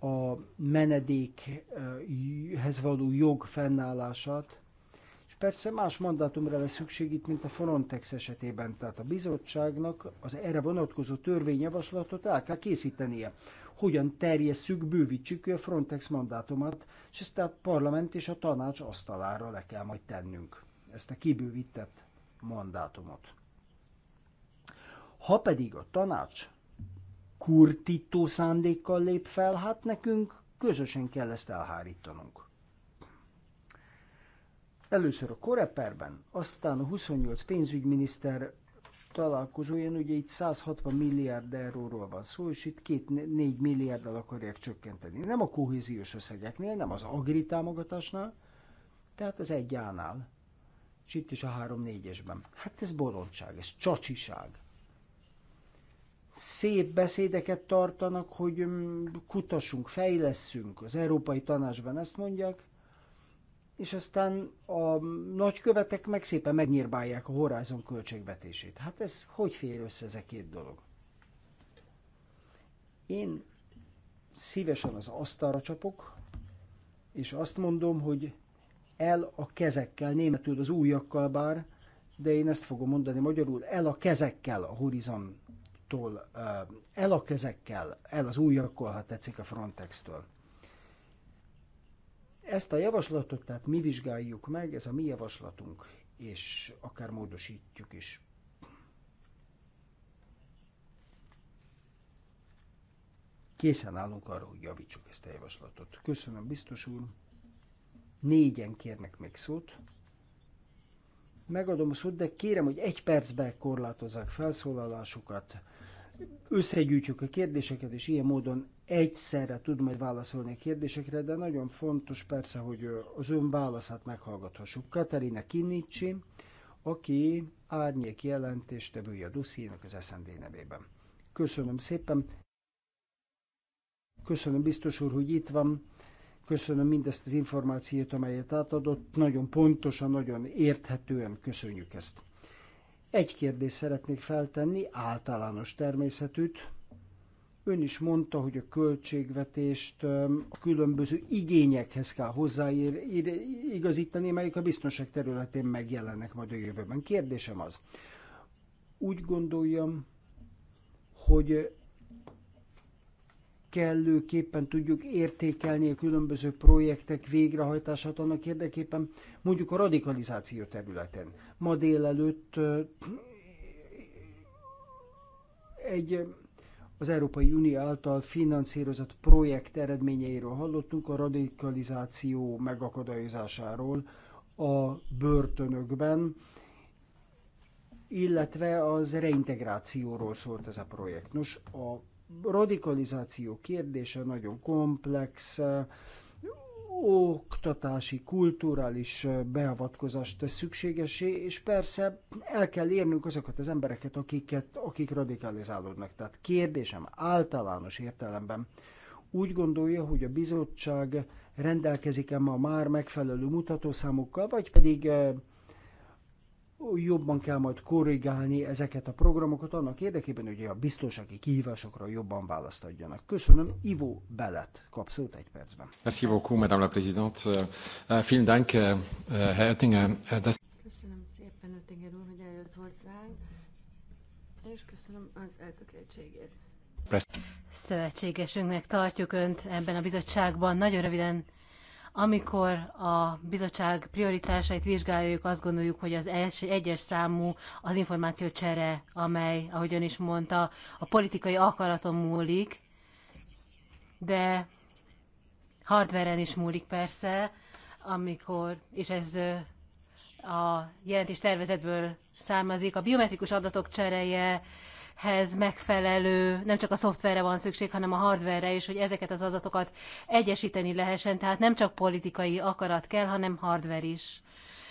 a menedékhez való jog fennállását, és persze más mandátumra lesz szükség itt, mint a Frontex esetében, tehát a bizottságnak az erre vonatkozó törvényjavaslatot el kell készítenie. Hogyan terjesszük, bővítsük a Frontex mandátumát, és ezt a parlament és a tanács asztalára le kell majd tennünk, ezt a kibővített mandátumot. Ha pedig a tanács kurtító szándékkal lép fel, hát nekünk közösen kell ezt elhárítanunk. Először a Koreperben, aztán a 28 pénzügyminiszter találkozóján, ugye itt 160 milliárd euróról van szó, és itt 2-4 milliárddal akarják csökkenteni. Nem a kohéziós összegeknél, nem az agri támogatásnál, tehát az egy és itt is a 3-4-esben. Hát ez bolondság, ez csacsiság szép beszédeket tartanak, hogy mm, kutassunk, fejleszünk, Az Európai Tanácsban ezt mondják, és aztán a nagykövetek meg szépen megnyírbálják a Horizon költségvetését. Hát ez hogy fér össze ez a két dolog? Én szívesen az asztalra csapok, és azt mondom, hogy el a kezekkel, németül az újakkal bár, de én ezt fogom mondani magyarul, el a kezekkel a Horizon NATO-tól, eh, el a kezekkel, el az újakkal, ha tetszik a Frontex-től. Ezt a javaslatot, tehát mi vizsgáljuk meg, ez a mi javaslatunk, és akár módosítjuk is. Készen állunk arra, hogy javítsuk ezt a javaslatot. Köszönöm, biztos úr. Négyen kérnek még szót megadom a szót, de kérem, hogy egy percben korlátozzák felszólalásukat, összegyűjtjük a kérdéseket, és ilyen módon egyszerre tud majd válaszolni a kérdésekre, de nagyon fontos persze, hogy az ön válaszát meghallgathassuk. Katarina Kinnicsi, aki árnyék jelentéstevője a Duszínak az SND nevében. Köszönöm szépen. Köszönöm biztos úr, hogy itt van. Köszönöm mindezt az információt, amelyet átadott. Nagyon pontosan, nagyon érthetően köszönjük ezt. Egy kérdést szeretnék feltenni, általános természetűt. Ön is mondta, hogy a költségvetést a különböző igényekhez kell hozzáigazítani, melyik a biztonság területén megjelennek majd a jövőben. Kérdésem az, úgy gondoljam, hogy kellőképpen tudjuk értékelni a különböző projektek végrehajtását annak érdekében, mondjuk a radikalizáció területen. Ma délelőtt egy az Európai Unió által finanszírozott projekt eredményeiről hallottunk, a radikalizáció megakadályozásáról a börtönökben, illetve az reintegrációról szólt ez a projekt. Nos, a radikalizáció kérdése nagyon komplex, oktatási, kulturális beavatkozást tesz szükségesé, és persze el kell érnünk azokat az embereket, akiket, akik radikalizálódnak. Tehát kérdésem általános értelemben úgy gondolja, hogy a bizottság rendelkezik-e ma már megfelelő mutatószámokkal, vagy pedig eh, jobban kell majd korrigálni ezeket a programokat annak érdekében, hogy a biztonsági kihívásokra jobban választ adjanak. Köszönöm, Ivo Belet kap szót egy percben. Merci beaucoup, madame la présidente. Euh, euh, vielen Dank, euh, Herr Oettinger. Äh, köszönöm szépen, Oettinger úr, hogy eljött hozzánk, és köszönöm az eltökéltségét. Szövetségesünknek tartjuk Önt ebben a bizottságban. Nagyon röviden amikor a bizottság prioritásait vizsgáljuk, azt gondoljuk, hogy az egyes számú az információ csere, amely, ahogy ön is mondta, a politikai akaraton múlik, de hardveren is múlik persze, amikor, és ez a jelentés tervezetből származik, a biometrikus adatok cseréje hez megfelelő, nem csak a szoftverre van szükség, hanem a hardverre is, hogy ezeket az adatokat egyesíteni lehessen, tehát nem csak politikai akarat kell, hanem hardver is.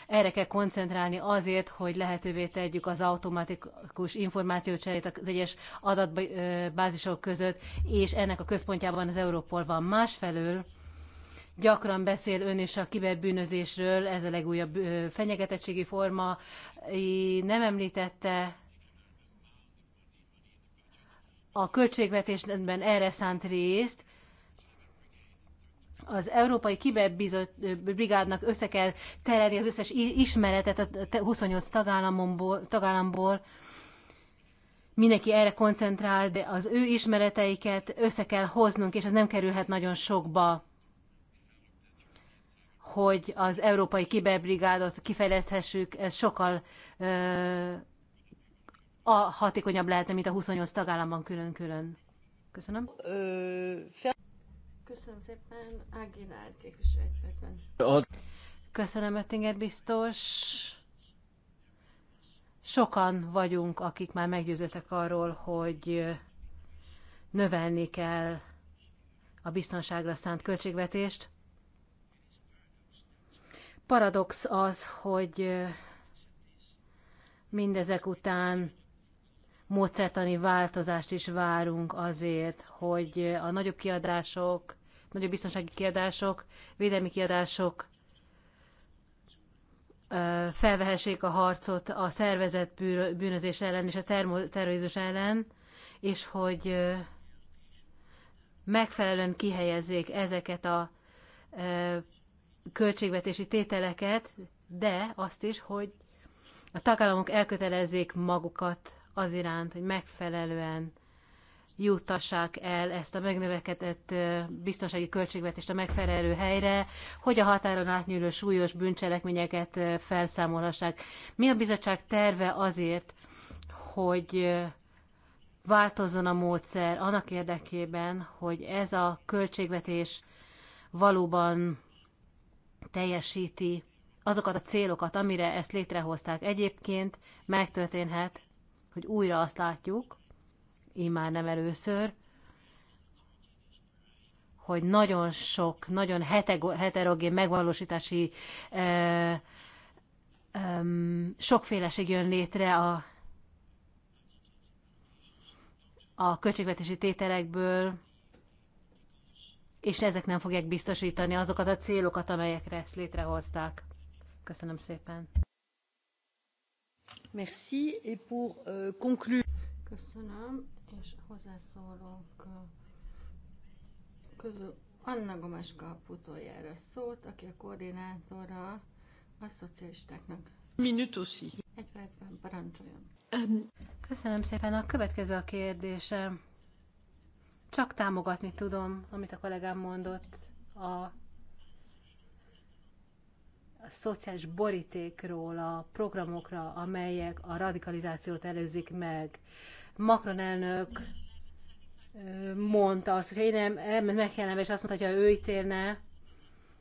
Erre kell koncentrálni azért, hogy lehetővé tegyük az automatikus információcserét az egyes adatbázisok között, és ennek a központjában az Európol van. Másfelől gyakran beszél ön is a kiberbűnözésről, ez a legújabb fenyegetettségi forma, nem említette a költségvetésben erre szánt részt, az Európai Kiberbrigádnak össze kell terelni az összes ismeretet a 28 tagállamból, tagállamból. Mindenki erre koncentrál, de az ő ismereteiket össze kell hoznunk, és ez nem kerülhet nagyon sokba, hogy az Európai Kiberbrigádot kifejleszthessük, ez sokkal a hatékonyabb lehetne, mint a 28 tagállamban külön-külön. Köszönöm. Köszönöm szépen. Áginár képviselő egy percben. Köszönöm, Öttinger biztos. Sokan vagyunk, akik már meggyőzöttek arról, hogy növelni kell a biztonságra szánt költségvetést. Paradox az, hogy mindezek után módszertani változást is várunk azért, hogy a nagyobb kiadások, nagyobb biztonsági kiadások, védelmi kiadások felvehessék a harcot a szervezet bűnözés ellen és a terrorizmus ellen, és hogy megfelelően kihelyezzék ezeket a költségvetési tételeket, de azt is, hogy a tagállamok elkötelezzék magukat az iránt, hogy megfelelően juttassák el ezt a megnövekedett biztonsági költségvetést a megfelelő helyre, hogy a határon átnyúló súlyos bűncselekményeket felszámolhassák. Mi a bizottság terve azért, hogy változzon a módszer annak érdekében, hogy ez a költségvetés valóban teljesíti azokat a célokat, amire ezt létrehozták. Egyébként megtörténhet, hogy újra azt látjuk, már nem először, hogy nagyon sok, nagyon heterogén megvalósítási ö, ö, sokféleség jön létre a, a költségvetési tételekből, és ezek nem fogják biztosítani azokat a célokat, amelyekre ezt létrehozták. Köszönöm szépen! Merci, et pour euh, conclure... Köszönöm, és hozzászólunk közül Anna Gomes kap utoljára szót, aki a koordinátora a szocialistáknak. Minut aussi. Egy percben parancsoljon. Köszönöm szépen. A következő a kérdésem. Csak támogatni tudom, amit a kollégám mondott a szociális borítékról, a programokra, amelyek a radikalizációt előzik meg. Macron elnök mondta azt, hogy én nem, meg kellene, és azt mondta, hogy ha ő ítélne,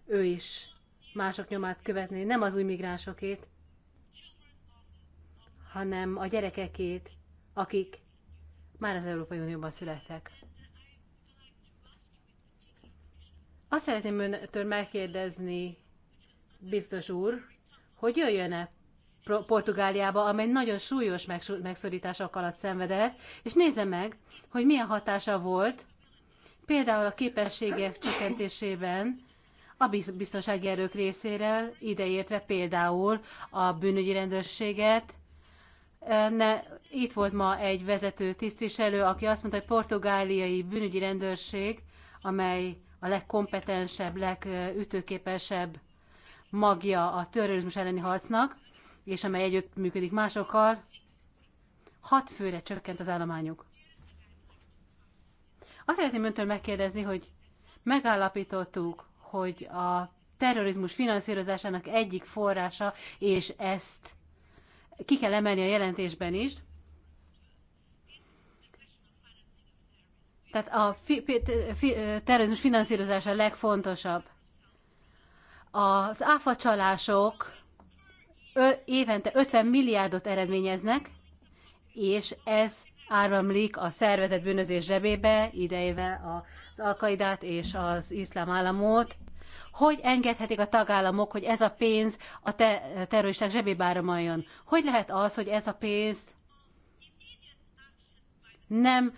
ő is mások nyomát követné, nem az új migránsokét, hanem a gyerekekét, akik már az Európai Unióban születtek. Azt szeretném öntől megkérdezni, biztos úr, hogy jöjjön-e Portugáliába, amely nagyon súlyos megszorítások alatt szenvedett, és nézze meg, hogy milyen hatása volt például a képességek csökkentésében a biztonsági erők részéről, ideértve például a bűnügyi rendőrséget. Ne, itt volt ma egy vezető tisztviselő, aki azt mondta, hogy portugáliai bűnügyi rendőrség, amely a legkompetensebb, legütőképesebb magja a terrorizmus elleni harcnak, és amely együtt működik másokkal, hat főre csökkent az állományuk. Azt szeretném öntől megkérdezni, hogy megállapítottuk, hogy a terrorizmus finanszírozásának egyik forrása, és ezt ki kell emelni a jelentésben is. Tehát a fi- terrorizmus finanszírozása a legfontosabb az áfacsalások évente 50 milliárdot eredményeznek, és ez áramlik a szervezet bűnözés zsebébe, idejve az alkaidát és az iszlám államot, hogy engedhetik a tagállamok, hogy ez a pénz a te terroristák zsebébe áramoljon? Hogy lehet az, hogy ez a pénz nem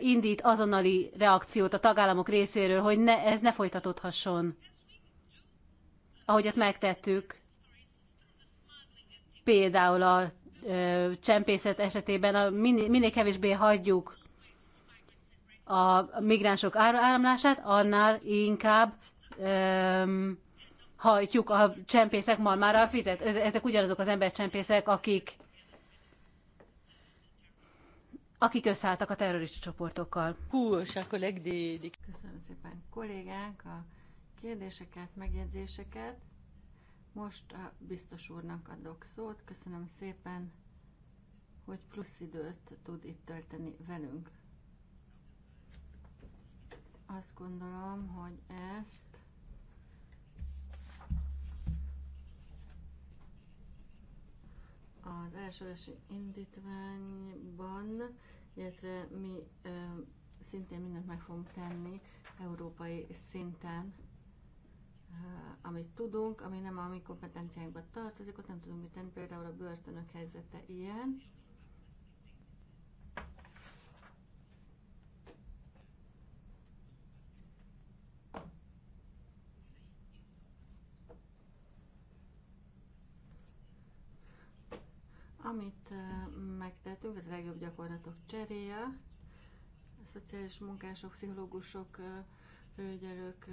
indít azonnali reakciót a tagállamok részéről, hogy ne, ez ne folytatódhasson? ahogy ezt megtettük például a ö, csempészet esetében, a, minél, minél kevésbé hagyjuk a migránsok áramlását, annál inkább ö, hajtjuk a csempészek malmára a fizet. Ezek ugyanazok az embercsempészek, akik akik összeálltak a terrorista csoportokkal. Hú, a kollég Köszönöm szépen kollégánk, a kérdéseket, megjegyzéseket. Most a biztos úrnak adok szót. Köszönöm szépen, hogy plusz időt tud itt tölteni velünk. Azt gondolom, hogy ezt az elsősi indítványban, illetve mi ö, szintén mindent meg fogunk tenni európai szinten amit tudunk, ami nem a mi kompetenciánkba tartozik, ott nem tudunk mit tenni. Például a börtönök helyzete ilyen. Amit megtettünk, ez a legjobb gyakorlatok cseréje. A szociális munkások, pszichológusok főügyelők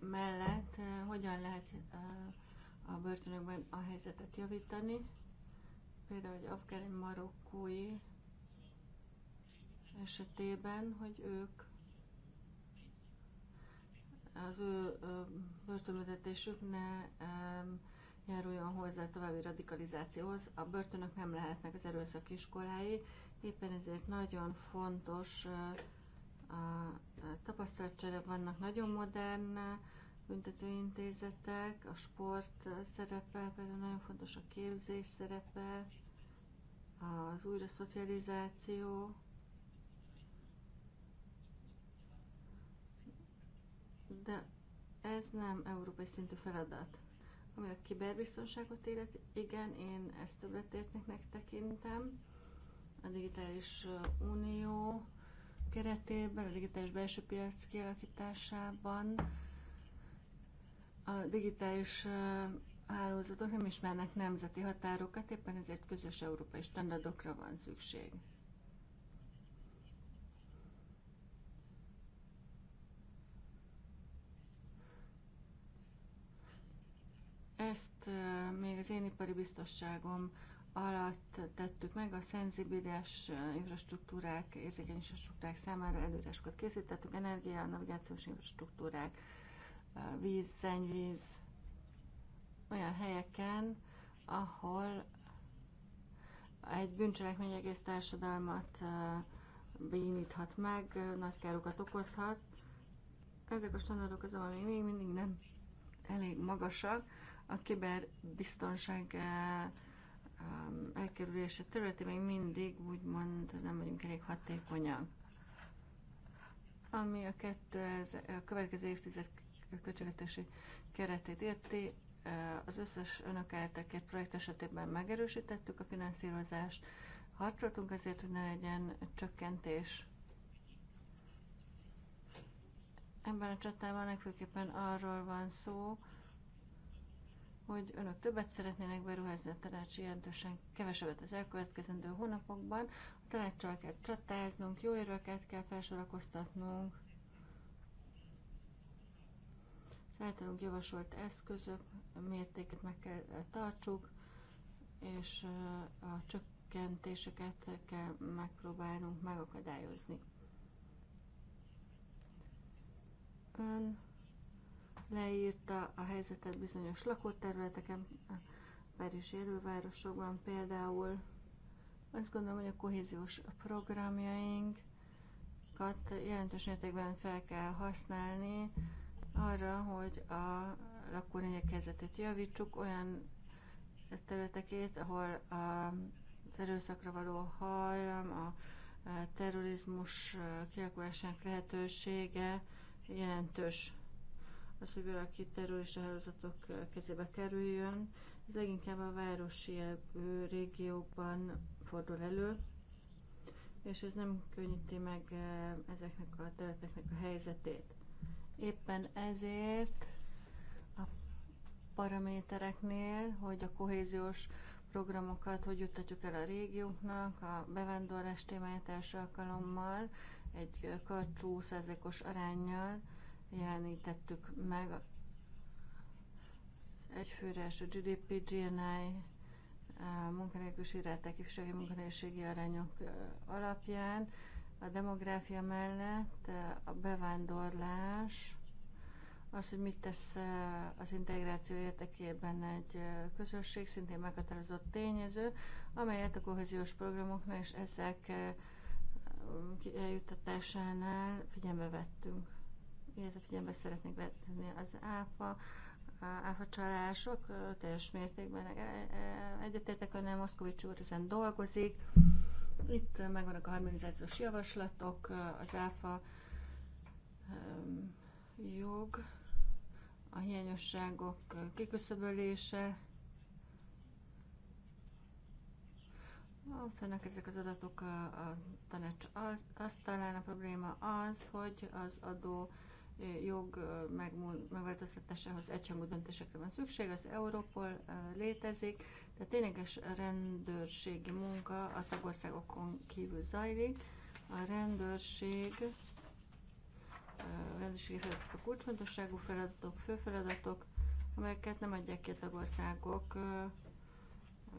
mellett hogyan lehet a börtönökben a helyzetet javítani. Például, hogy afgán egy marokkói esetében, hogy ők az ő börtönvezetésük ne járuljon hozzá további radikalizációhoz. A börtönök nem lehetnek az erőszak iskolái, éppen ezért nagyon fontos a tapasztalatcsere vannak, nagyon modern eh, büntetőintézetek, a sport eh, szerepe, például nagyon fontos a képzés szerepe, az újra szocializáció, de ez nem európai szintű feladat. Ami a kiberbiztonságot illeti, igen, én ezt többletértéknek tekintem. A digitális eh, unió keretében, a digitális belső piac kialakításában a digitális hálózatok nem ismernek nemzeti határokat, éppen ezért közös európai standardokra van szükség. Ezt még az én ipari biztosságom alatt tettük meg a szenzibilis infrastruktúrák, érzékeny infrastruktúrák számára előírásokat készítettük, energia, navigációs infrastruktúrák, víz, szennyvíz, olyan helyeken, ahol egy bűncselekmény egész társadalmat bíníthat meg, nagy károkat okozhat. Ezek a standardok azonban még, még mindig nem elég magasak. A kiberbiztonság Um, elkerülése területe még mindig úgymond nem vagyunk elég hatékonyak. Ami a, 2000, a következő évtized költségvetési keretét érti, uh, az összes önök által projekt esetében megerősítettük a finanszírozást, harcoltunk azért, hogy ne legyen csökkentés. Ebben a csatában legfőképpen arról van szó, hogy önök többet szeretnének beruházni a tanács jelentősen kevesebbet az elkövetkezendő hónapokban. A tanácssal kell csatáznunk, jó érveket kell felsorakoztatnunk. Az általunk javasolt eszközök mértéket meg kell eh, tartsuk, és eh, a csökkentéseket kell megpróbálnunk megakadályozni. Ön leírta a helyzetet bizonyos lakóterületeken, Párizsi elővárosokban például. Azt gondolom, hogy a kohéziós programjainkat jelentős mértékben fel kell használni arra, hogy a lakórények helyzetét javítsuk, olyan területekét, ahol a erőszakra való hajlam, a terrorizmus kialakulásának lehetősége jelentős az, hogy valaki terrorista hálózatok kezébe kerüljön, ez leginkább a városi régiókban fordul elő, és ez nem könnyíti meg ezeknek a területeknek a helyzetét. Éppen ezért a paramétereknél, hogy a kohéziós programokat hogy juttatjuk el a régióknak, a bevándorlás témáját első alkalommal, egy karcsú százalékos arányjal, jelenítettük meg. Az egyfőres a GDP, GNI, a munkanélküliségi ráták, ifjúsági munkanélküliségi arányok alapján, a demográfia mellett a bevándorlás, az, hogy mit tesz az integráció érdekében egy közösség, szintén meghatározott tényező, amelyet a kohéziós programoknál és ezek eljuttatásánál figyelme vettünk illetve figyelembe szeretnék venni az áfa, áfa csalások teljes mértékben e, e, egyetértek önnel, Moszkovics úr ezen dolgozik. Itt megvannak a harmonizációs javaslatok, az áfa jog, a hiányosságok kiküszöbölése, Ott vannak ezek az adatok a, a tanács az, asztalán. A probléma az, hogy az adó jog megváltoztatásához egyhangú döntésekre van szükség, az Europol létezik, de tényleges rendőrségi munka a tagországokon kívül zajlik. A rendőrség a rendőrségi feladatok kulcsfontosságú feladatok, főfeladatok, amelyeket nem adják ki a tagországok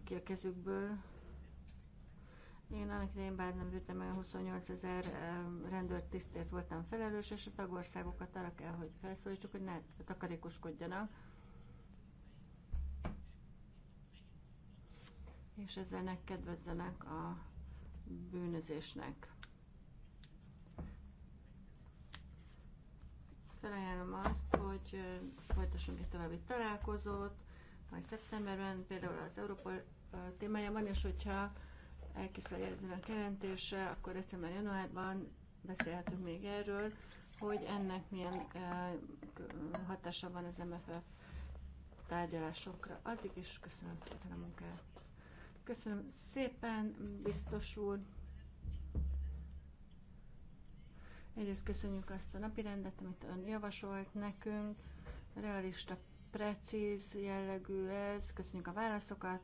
ki a kezükből, én annak idején bár nem ültem meg, 28 ezer rendőrt tisztért voltam felelős, és a tagországokat arra kell, hogy felszólítsuk, hogy ne takarékoskodjanak. És ezzel ne kedvezzenek a bűnözésnek. Felajánlom azt, hogy folytassunk egy további találkozót, majd szeptemberben, például az Európa témájában, és hogyha elkészül a jelzőnök jelentése, akkor december-januárban beszélhetünk még erről, hogy ennek milyen eh, hatása van az MFF tárgyalásokra. Addig is köszönöm szépen a munkát. Köszönöm szépen, biztos úr. Egyrészt köszönjük azt a napirendet, amit ön javasolt nekünk. Realista, precíz jellegű ez. Köszönjük a válaszokat,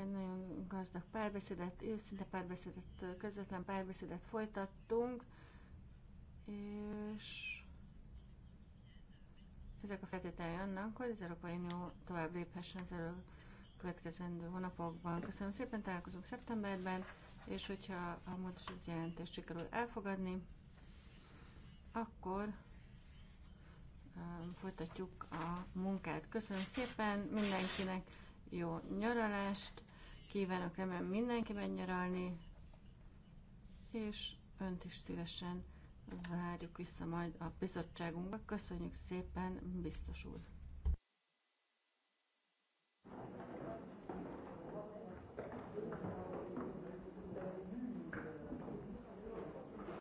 egy nagyon gazdag párbeszédet, őszinte párbeszédet, közvetlen párbeszédet folytattunk, és ezek a feltételei annak, hogy az Európai Unió tovább léphessen az elő következendő hónapokban. Köszönöm szépen, találkozunk szeptemberben, és hogyha a módosított jelentést sikerül elfogadni, akkor um, folytatjuk a munkát. Köszönöm szépen mindenkinek, jó nyaralást! Kívánok remélem mindenkiben nyaralni, és önt is szívesen várjuk vissza majd a bizottságunkba. Köszönjük szépen, biztos úr!